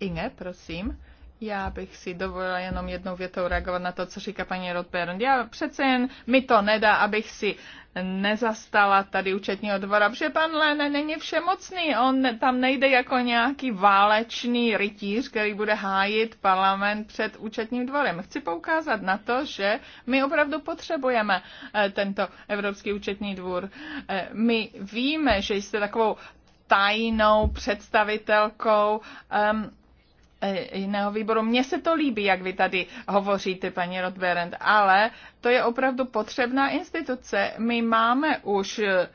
Inge, prosím. Já bych si dovolila jenom jednou větou reagovat na to, co říká paní Rothberg. Já přece jen mi to nedá, abych si nezastala tady účetního dvora, protože pan Lene není všemocný. On tam nejde jako nějaký válečný rytíř, který bude hájit parlament před účetním dvorem. Chci poukázat na to, že my opravdu potřebujeme eh, tento Evropský účetní dvůr. Eh, my víme, že jste takovou tajnou představitelkou um, Eh, jiného výboru. Mně se to líbí, jak vy tady hovoříte, paní Rodberend, ale to je opravdu potřebná instituce. My máme už eh,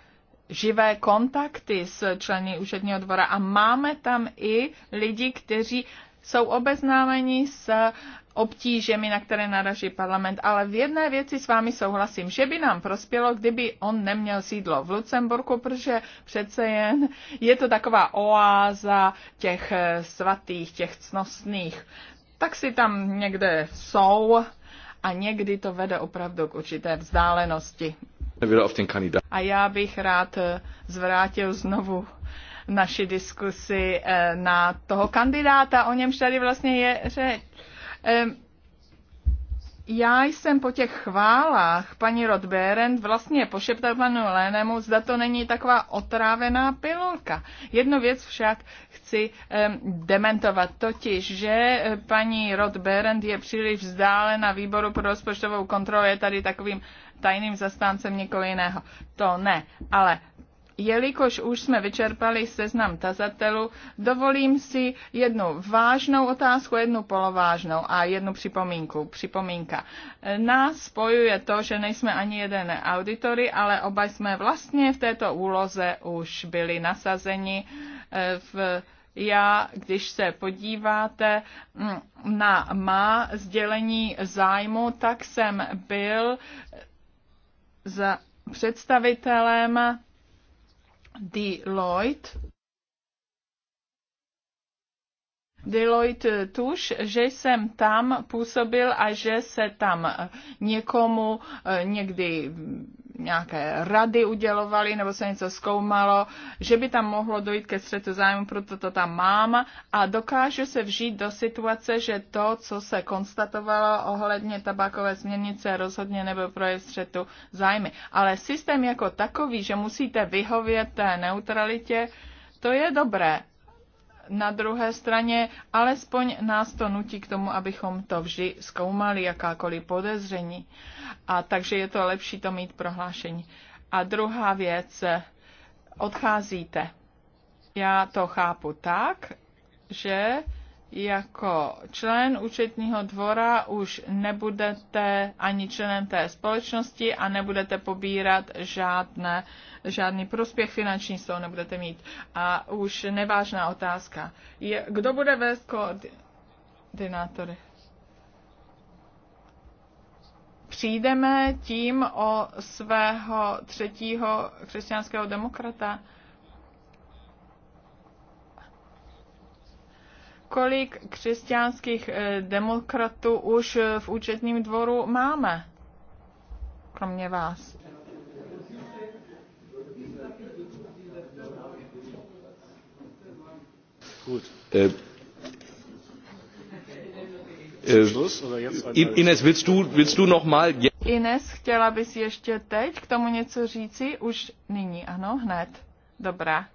živé kontakty s členy účetního dvora a máme tam i lidi, kteří jsou obeznámeni s obtížemi, na které naraží parlament, ale v jedné věci s vámi souhlasím, že by nám prospělo, kdyby on neměl sídlo v Lucemburku, protože přece jen je to taková oáza těch svatých, těch cnostných. Tak si tam někde jsou a někdy to vede opravdu k určité vzdálenosti. A já bych rád zvrátil znovu naši diskusi eh, na toho kandidáta, o němž tady vlastně je řeč. Já jsem po těch chválách paní Rodberend vlastně pošeptal panu Lénemu, zda to není taková otrávená pilulka. Jednu věc však chci um, dementovat, totiž, že eh, paní Rodberend je příliš na výboru pro rozpočtovou kontrolu, je tady takovým tajným zastáncem někoho jiného. To ne, ale jelikož už jsme vyčerpali seznam tazatelů, dovolím si jednu vážnou otázku, jednu polovážnou a jednu připomínku. Připomínka. Nás spojuje to, že nejsme ani jeden auditory, ale oba jsme vlastně v této úloze už byli nasazeni eh, v já, když se podíváte mm, na má sdělení zájmu, tak jsem byl za představitelem Deloitte Deloitte Tuš, že jsem tam působil a že se tam eh, někomu eh, někdy nějaké rady udělovaly nebo se něco zkoumalo, že by tam mohlo dojít ke střetu zájmu, proto to tam mám a dokážu se vžít do situace, že to, co se konstatovalo ohledně tabákové směrnice, rozhodně nebyl projev střetu zájmy. Ale systém jako takový, že musíte vyhovět té neutralitě, to je dobré na druhé straně alespoň nás to nutí k tomu, abychom to vždy zkoumali, jakákoliv podezření. A takže je to lepší to mít prohlášení. A druhá věc, odcházíte. Já to chápu tak, že jako člen účetního dvora už nebudete ani členem té společnosti a nebudete pobírat žádné, žádný prospěch finanční z toho nebudete mít. A už nevážná otázka. Je, kdo bude vést koordinátory? Přijdeme tím o svého třetího křesťanského demokrata? kolik křesťanských eh, demokratů už eh, v účetním dvoru máme, kromě vás? Äh, äh, Ines, willst du, willst du noch mal... Ines, chtěla bys ještě teď k tomu něco říci? Už nyní, ano, hned. Dobrá.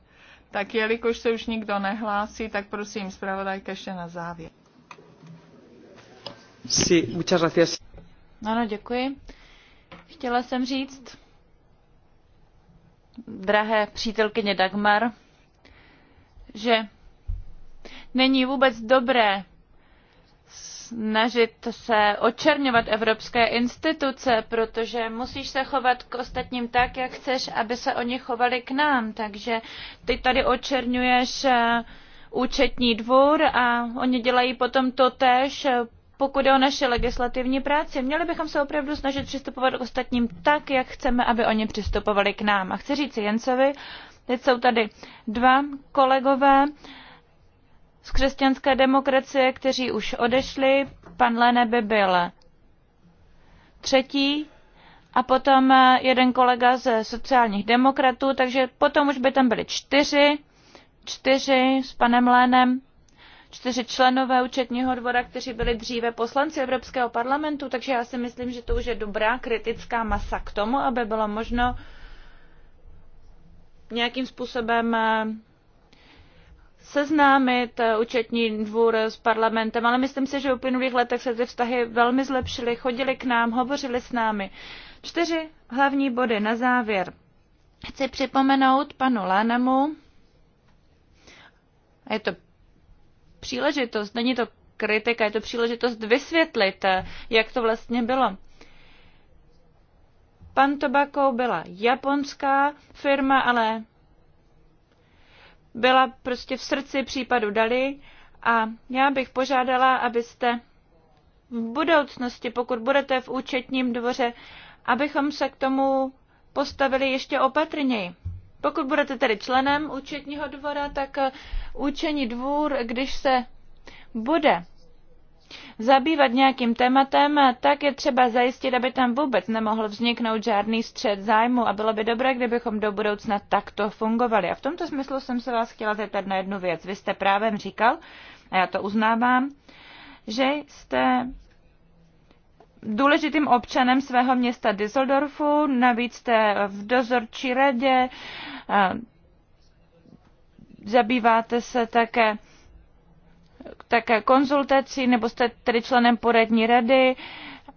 Tak jelikož se už nikdo nehlásí, tak prosím, zpravodajka ještě na závěr. Sí, muchas gracias. Ano, no, děkuji. Chtěla jsem říct, drahé přítelkyně Dagmar, že není vůbec dobré snažit se očerňovat evropské instituce, protože musíš se chovat k ostatním tak, jak chceš, aby se oni chovali k nám. Takže ty tady očerňuješ eh, účetní dvůr a oni dělají potom to tež, eh, pokud je o naše legislativní práci. Měli bychom se opravdu snažit přistupovat k ostatním tak, jak chceme, aby oni přistupovali k nám. A chci říct Jencovi, teď jsou tady dva kolegové, z křesťanské demokracie, kteří už odešli. Pan Lene by byl třetí a potom eh, jeden kolega ze sociálních demokratů, takže potom už by tam byli čtyři, čtyři s panem Lénem, čtyři členové účetního dvora, kteří byli dříve poslanci Evropského parlamentu, takže já si myslím, že to už je dobrá kritická masa k tomu, aby bylo možno nějakým způsobem eh, seznámit eh, účetní dvůr s parlamentem, ale myslím si, že v uplynulých letech se ty vztahy velmi zlepšily, chodili k nám, hovořili s námi. Čtyři hlavní body na závěr. Chci připomenout panu Lánemu, je to příležitost, není to kritika, je to příležitost vysvětlit, eh, jak to vlastně bylo. Pan Tobacco byla japonská firma, ale byla prostě v srdci případu Dali a já bych požádala, abyste v budoucnosti, pokud budete v účetním dvoře, abychom se k tomu postavili ještě opatrněji. Pokud budete tedy členem účetního dvora, tak eh, účení dvůr, když se bude zabývat nějakým tématem, tak je třeba zajistit, aby tam vůbec nemohl vzniknout žádný střed zájmu a bylo by dobré, kdybychom do budoucna takto fungovali. A v tomto smyslu jsem se vás chtěla zeptat na jednu věc. Vy jste právem říkal, a já to uznávám, že jste důležitým občanem svého města Düsseldorfu, navíc jste v dozorčí radě, zabýváte se také také konzultací, nebo jste tedy členem poradní rady.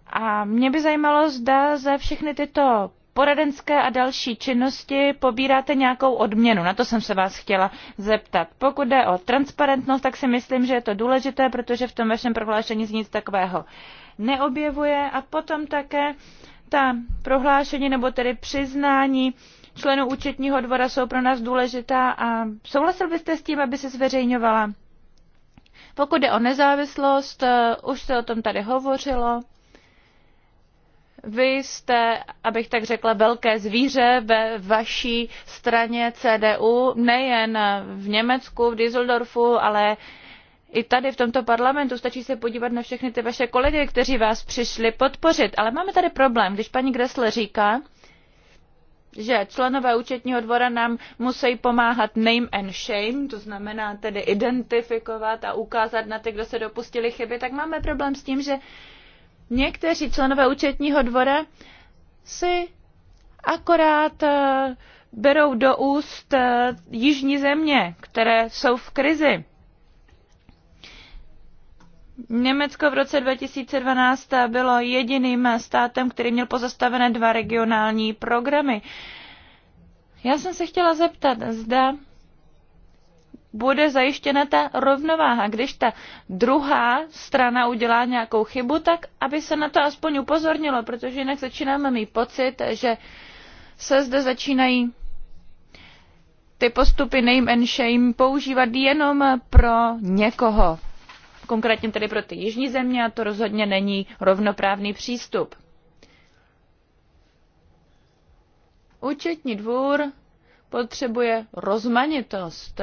A mě by zajímalo, zda za všechny tyto poradenské a další činnosti pobíráte nějakou odměnu. Na to jsem se vás chtěla zeptat. Pokud jde o transparentnost, tak si myslím, že je to důležité, protože v tom vašem prohlášení z nic takového neobjevuje. A potom také ta prohlášení nebo tedy přiznání členů účetního dvora jsou pro nás důležitá a souhlasil byste s tím, aby se zveřejňovala pokud je o nezávislost, eh, už se o tom tady hovořilo. Vy jste, abych tak řekla, velké zvíře ve vaší straně CDU, nejen v Německu, v Düsseldorfu, ale i tady v tomto parlamentu stačí se podívat na všechny ty vaše kolegy, kteří vás přišli podpořit. Ale máme tady problém, když paní Gressle říká, že členové účetního dvora nám musí pomáhat name and shame, to znamená tedy identifikovat a ukázat na ty, kdo se dopustili chyby, tak máme problém s tím, že někteří členové účetního dvora si akorát eh, berou do úst eh, jižní země, které jsou v krizi. Německo v roce 2012 bylo jediným státem, který měl pozastavené dva regionální programy. Já jsem se chtěla zeptat, zda bude zajištěna ta rovnováha. Když ta druhá strana udělá nějakou chybu, tak aby se na to aspoň upozornilo, protože jinak začínáme mít pocit, že se zde začínají ty postupy name and shame používat jenom pro někoho konkrétně tedy pro ty jižní země, a to rozhodně není rovnoprávný přístup. Účetní dvůr potřebuje rozmanitost,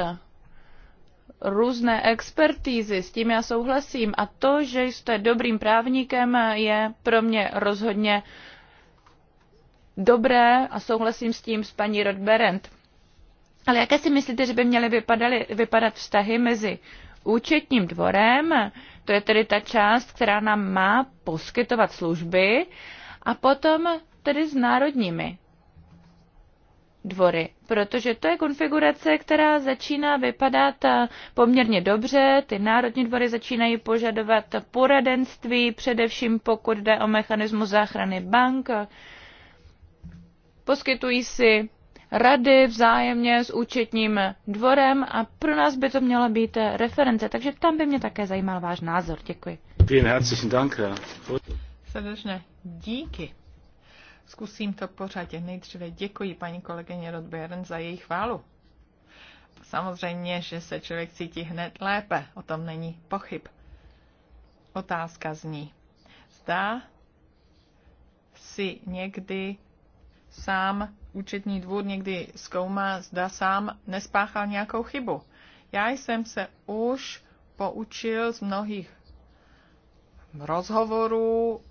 různé expertízy, s tím já souhlasím. A to, že jste dobrým právníkem, je pro mě rozhodně dobré a souhlasím s tím s paní Rodberent. Ale jaké si myslíte, že by měly vypadaly, vypadat vztahy mezi účetním dvorem, to je tedy ta část, která nám má poskytovat služby, a potom tedy s národními dvory, protože to je konfigurace, která začíná vypadat eh, poměrně dobře. Ty národní dvory začínají požadovat poradenství, především pokud jde o mechanismus záchrany bank. Poskytují si rady vzájemně s účetním dvorem a pro nás by to měla být reference. Takže tam by mě také zajímal váš názor. Děkuji. Vielen herzlichen Dank. Srdečně díky. Zkusím to pořadě. Nejdříve děkuji paní kolegyně Rodbjern za její chválu. Samozřejmě, že se člověk cítí hned lépe, o tom není pochyb. Otázka zní, zda si někdy sám účetní dvůr někdy zkoumá, zda sám nespáchal nějakou chybu. Já jsem se už poučil z mnohých rozhovorů,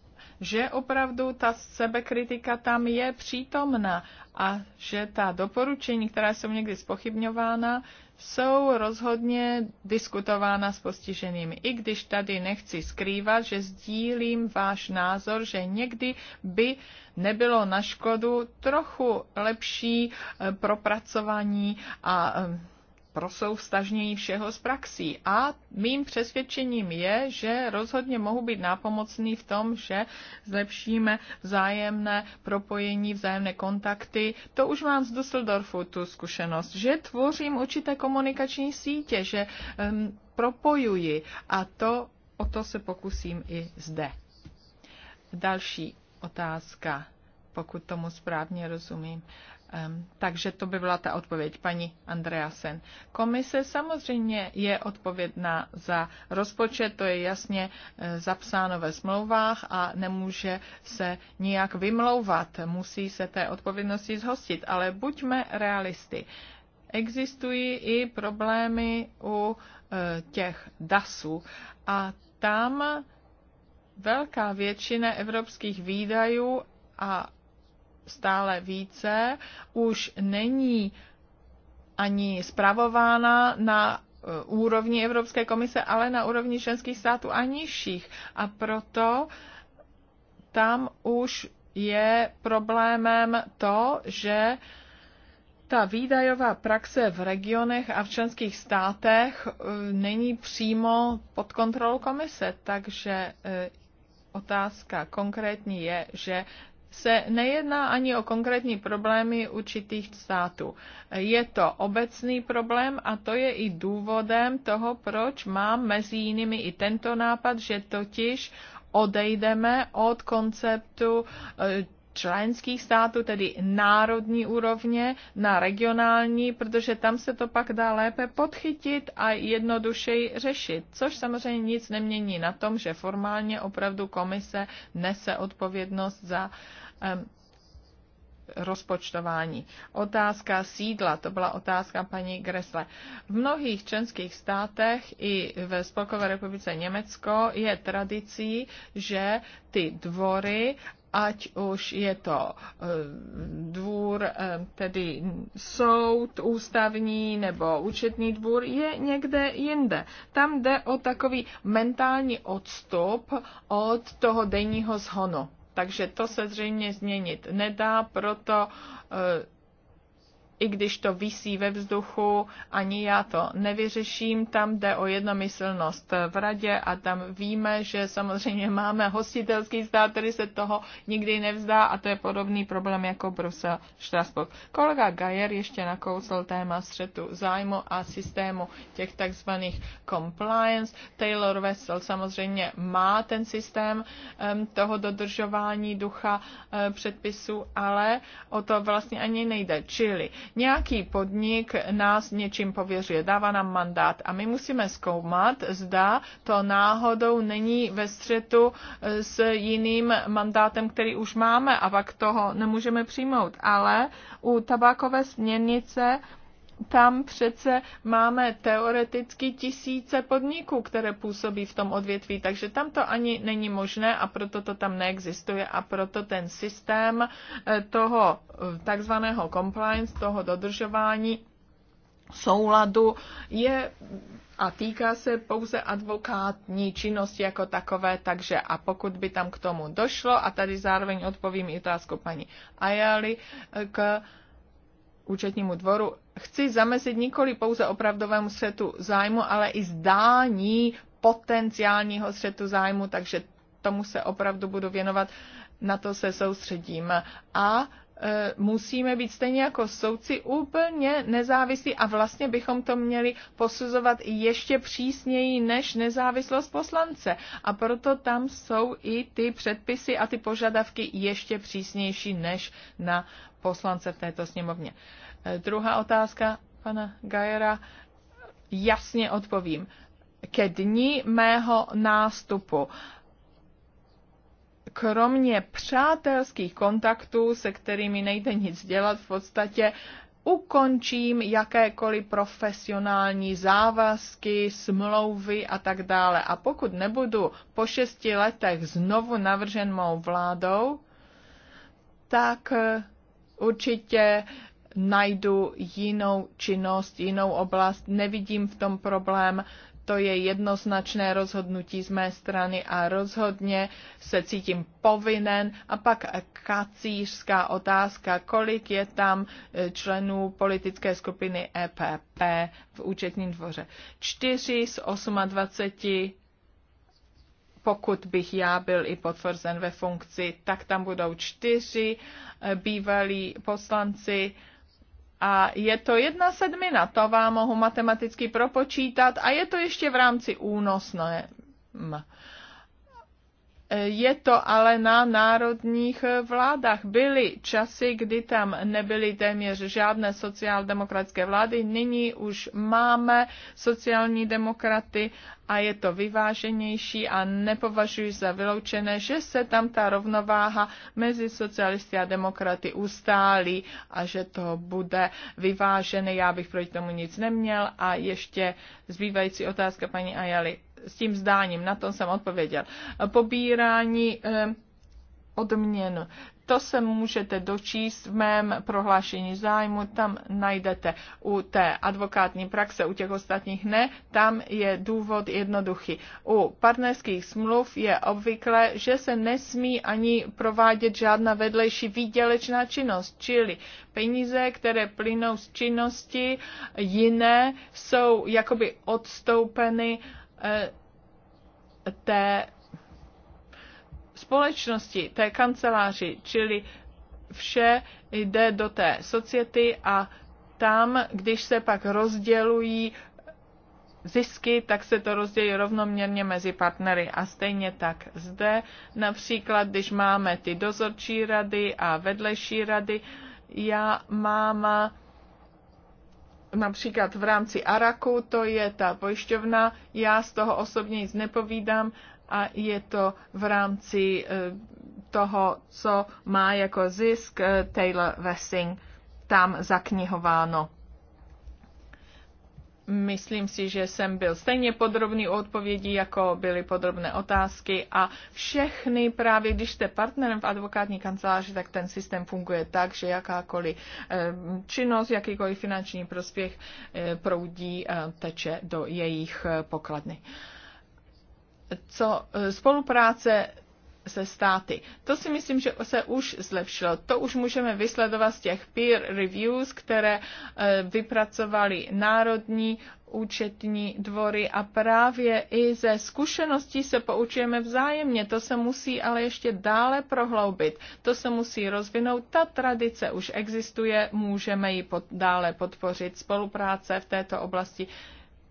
že opravdu ta sebekritika tam je přítomna a že ta doporučení, která jsou někdy spochybňována, jsou rozhodně diskutována s postiženými. I když tady nechci skrývat, že sdílím váš názor, že někdy by nebylo na škodu trochu lepší eh, propracování a eh, prosoustažnění všeho z praxí. A mým přesvědčením je, že rozhodně mohu být nápomocný v tom, že zlepšíme vzájemné propojení, vzájemné kontakty. To už mám z Düsseldorfu tu zkušenost, že tvořím určité komunikační sítě, že um, propojuji a to o to se pokusím i zde. Další otázka pokud tomu správně rozumím. Takže to by byla ta odpověď paní Andreasen. Komise samozřejmě je odpovědná za rozpočet, to je jasně e, zapsáno ve smlouvách a nemůže se nijak vymlouvat, musí se té odpovědnosti zhostit, ale buďme realisty. Existují i problémy u e, těch DASů a tam velká většina evropských výdajů a stále více, už není ani zpravována na eh, úrovni Evropské komise, ale na úrovni členských států a nižších. A proto tam už je problémem to, že ta výdajová praxe v regionech a v členských státech eh, není přímo pod kontrolou komise, takže eh, otázka konkrétní je, že se nejedná ani o konkrétní problémy určitých států. Je to obecný problém a to je i důvodem toho, proč mám mezi jinými i tento nápad, že totiž odejdeme od konceptu eh, členských států, tedy národní úrovně, na regionální, protože tam se to pak dá lépe podchytit a jednodušeji řešit, což samozřejmě nic nemění na tom, že formálně opravdu komise nese odpovědnost za uh, rozpočtování. Otázka sídla, to byla otázka paní Gresle. V mnohých členských státech i ve Spolkové republice Německo je tradicí, že ty dvory ať už je to eh, dvůr, eh, tedy soud ústavní nebo účetní dvůr, je někde jinde. Tam jde o takový mentální odstup od toho denního zhonu takže to se zřejmě změnit nedá, proto eh, i když to vysí ve vzduchu, ani já to nevyřeším. Tam jde o jednomyslnost v radě a tam víme, že samozřejmě máme hostitelský stát, který se toho nikdy nevzdá a to je podobný problém jako Brusel, Štrasburg. Kolega Gajer ještě nakousl téma střetu zájmu a systému těch takzvaných compliance. Taylor Vessel samozřejmě má ten systém toho dodržování ducha eh, předpisů, ale o to vlastně ani nejde. Čili Nějaký podnik nás něčím pověřuje, dává nám mandát a my musíme zkoumat, zda to náhodou není ve střetu eh, s jiným mandátem, který už máme a pak toho nemůžeme přijmout. Ale u tabákové směrnice tam přece máme teoreticky tisíce podniků, které působí v tom odvětví, takže tam to ani není možné a proto to tam neexistuje a proto ten systém eh, toho eh, takzvaného compliance, toho dodržování souladu je a týká se pouze advokátní činnosti jako takové, takže a pokud by tam k tomu došlo, a tady zároveň odpovím i otázku paní Ajali, eh, k účetnímu dvoru, chci zamezit nikoli pouze opravdovému střetu zájmu, ale i zdání potenciálního střetu zájmu, takže tomu se opravdu budu věnovat, na to se soustředím. A E, musíme být stejně jako soudci úplně nezávislí a vlastně bychom to měli posuzovat ještě přísněji než nezávislost poslance. A proto tam jsou i ty předpisy a ty požadavky ještě přísnější než na poslance v této sněmovně. E, druhá otázka pana Gajera. Jasně odpovím. Ke dní mého nástupu kromě přátelských kontaktů, se kterými nejde nic dělat, v podstatě ukončím jakékoliv profesionální závazky, smlouvy a tak dále. A pokud nebudu po šesti letech znovu navržen mou vládou, tak eh, určitě najdu jinou činnost, jinou oblast, nevidím v tom problém, to je jednoznačné rozhodnutí z mé strany a rozhodně se cítím povinen. A pak kacířská otázka, kolik je tam e, členů politické skupiny EPP v účetním dvoře. Čtyři z 28 pokud bych já byl i potvrzen ve funkci, tak tam budou čtyři e, bývalí poslanci, a je to jedna sedmina, to vám mohu matematicky propočítat a je to ještě v rámci únosné. Je to ale na národních vládách. Byly časy, kdy tam nebyly téměř žádné sociál-demokratické vlády, nyní už máme sociální demokraty a je to vyváženější a nepovažuji za vyloučené, že se tam ta rovnováha mezi socialisty a demokraty ustálí a že to bude vyvážené. Já bych proti tomu nic neměl. A ještě zbývající otázka paní Ajali s tím zdáním, na to jsem odpověděl. Pobírání eh, odměn. To se můžete dočíst v mém prohlášení zájmu, tam najdete u té advokátní praxe, u těch ostatních ne, tam je důvod jednoduchý. U partnerských smluv je obvykle, že se nesmí ani provádět žádná vedlejší výdělečná činnost, čili peníze, které plynou z činnosti jiné, jsou jakoby odstoupeny uh, Eh, té společnosti, té kanceláři, čili vše jde do té society a tam, když se pak rozdělují zisky, tak se to rozdělí rovnoměrně mezi partnery. A stejně tak zde, například, když máme ty dozorčí rady a vedlejší rady, já mám například v rámci Araku, to je ta pojišťovna, já z toho osobně nic nepovídám a je to v rámci eh, toho, co má jako zisk eh, Taylor Wessing tam zaknihováno. Myslím si, že jsem byl stejně podrobný u odpovědí, jako byly podrobné otázky a všechny právě, když jste partnerem v advokátní kanceláři, tak ten systém funguje tak, že jakákoliv eh, činnost, jakýkoliv finanční prospěch eh, proudí, eh, teče do jejich pokladny. Co spolupráce se státy. To si myslím, že se už zlepšilo. To už můžeme vysledovat z těch peer reviews, které eh, vypracovali národní účetní dvory a právě i ze zkušeností se poučujeme vzájemně. To se musí ale ještě dále prohloubit, to se musí rozvinout. Ta tradice už existuje, můžeme ji pod, dále podpořit. Spolupráce v této oblasti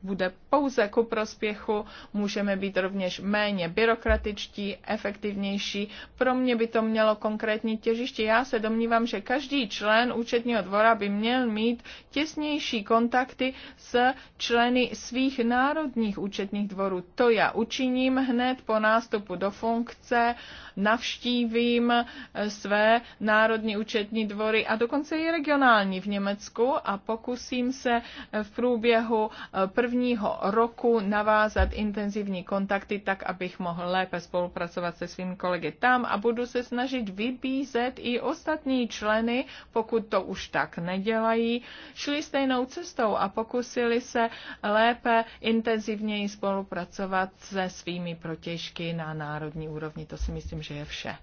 bude pouze ku prospěchu, můžeme být rovněž méně byrokratičtí, efektivnější. Pro mě by to mělo konkrétní těžiště. Já se domnívám, že každý člen účetního dvora by měl mít těsnější kontakty s členy svých národních účetních dvorů. To já učiním hned po nástupu do funkce, navštívím eh, své národní účetní dvory a dokonce i regionální v Německu a pokusím se v průběhu eh, první prvního roku navázat intenzivní kontakty tak, abych mohl lépe spolupracovat se svými kolegy tam a budu se snažit vybízet i ostatní členy, pokud to už tak nedělají, šli stejnou cestou a pokusili se lépe, intenzivněji spolupracovat se svými protěžky na národní úrovni. To si myslím, že je vše.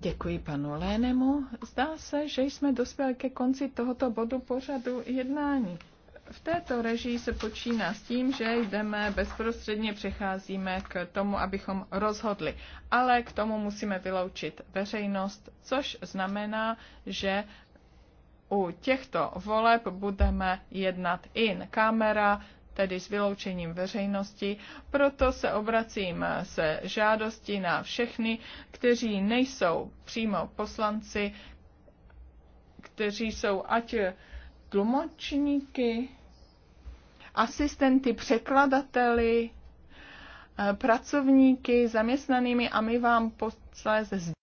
Děkuji panu Lénemu. Zdá se, že jsme dospěli ke konci tohoto bodu pořadu jednání. V této režii se počíná s tím, že jdeme bezprostředně, přecházíme k tomu, abychom rozhodli. Ale k tomu musíme vyloučit veřejnost, což znamená, že u těchto voleb budeme jednat in kamera, tedy s vyloučením veřejnosti. Proto se obracím se žádosti na všechny, kteří nejsou přímo poslanci, kteří jsou ať tlumočníky, asistenty, překladateli, eh, pracovníky, zaměstnanými a my vám posléze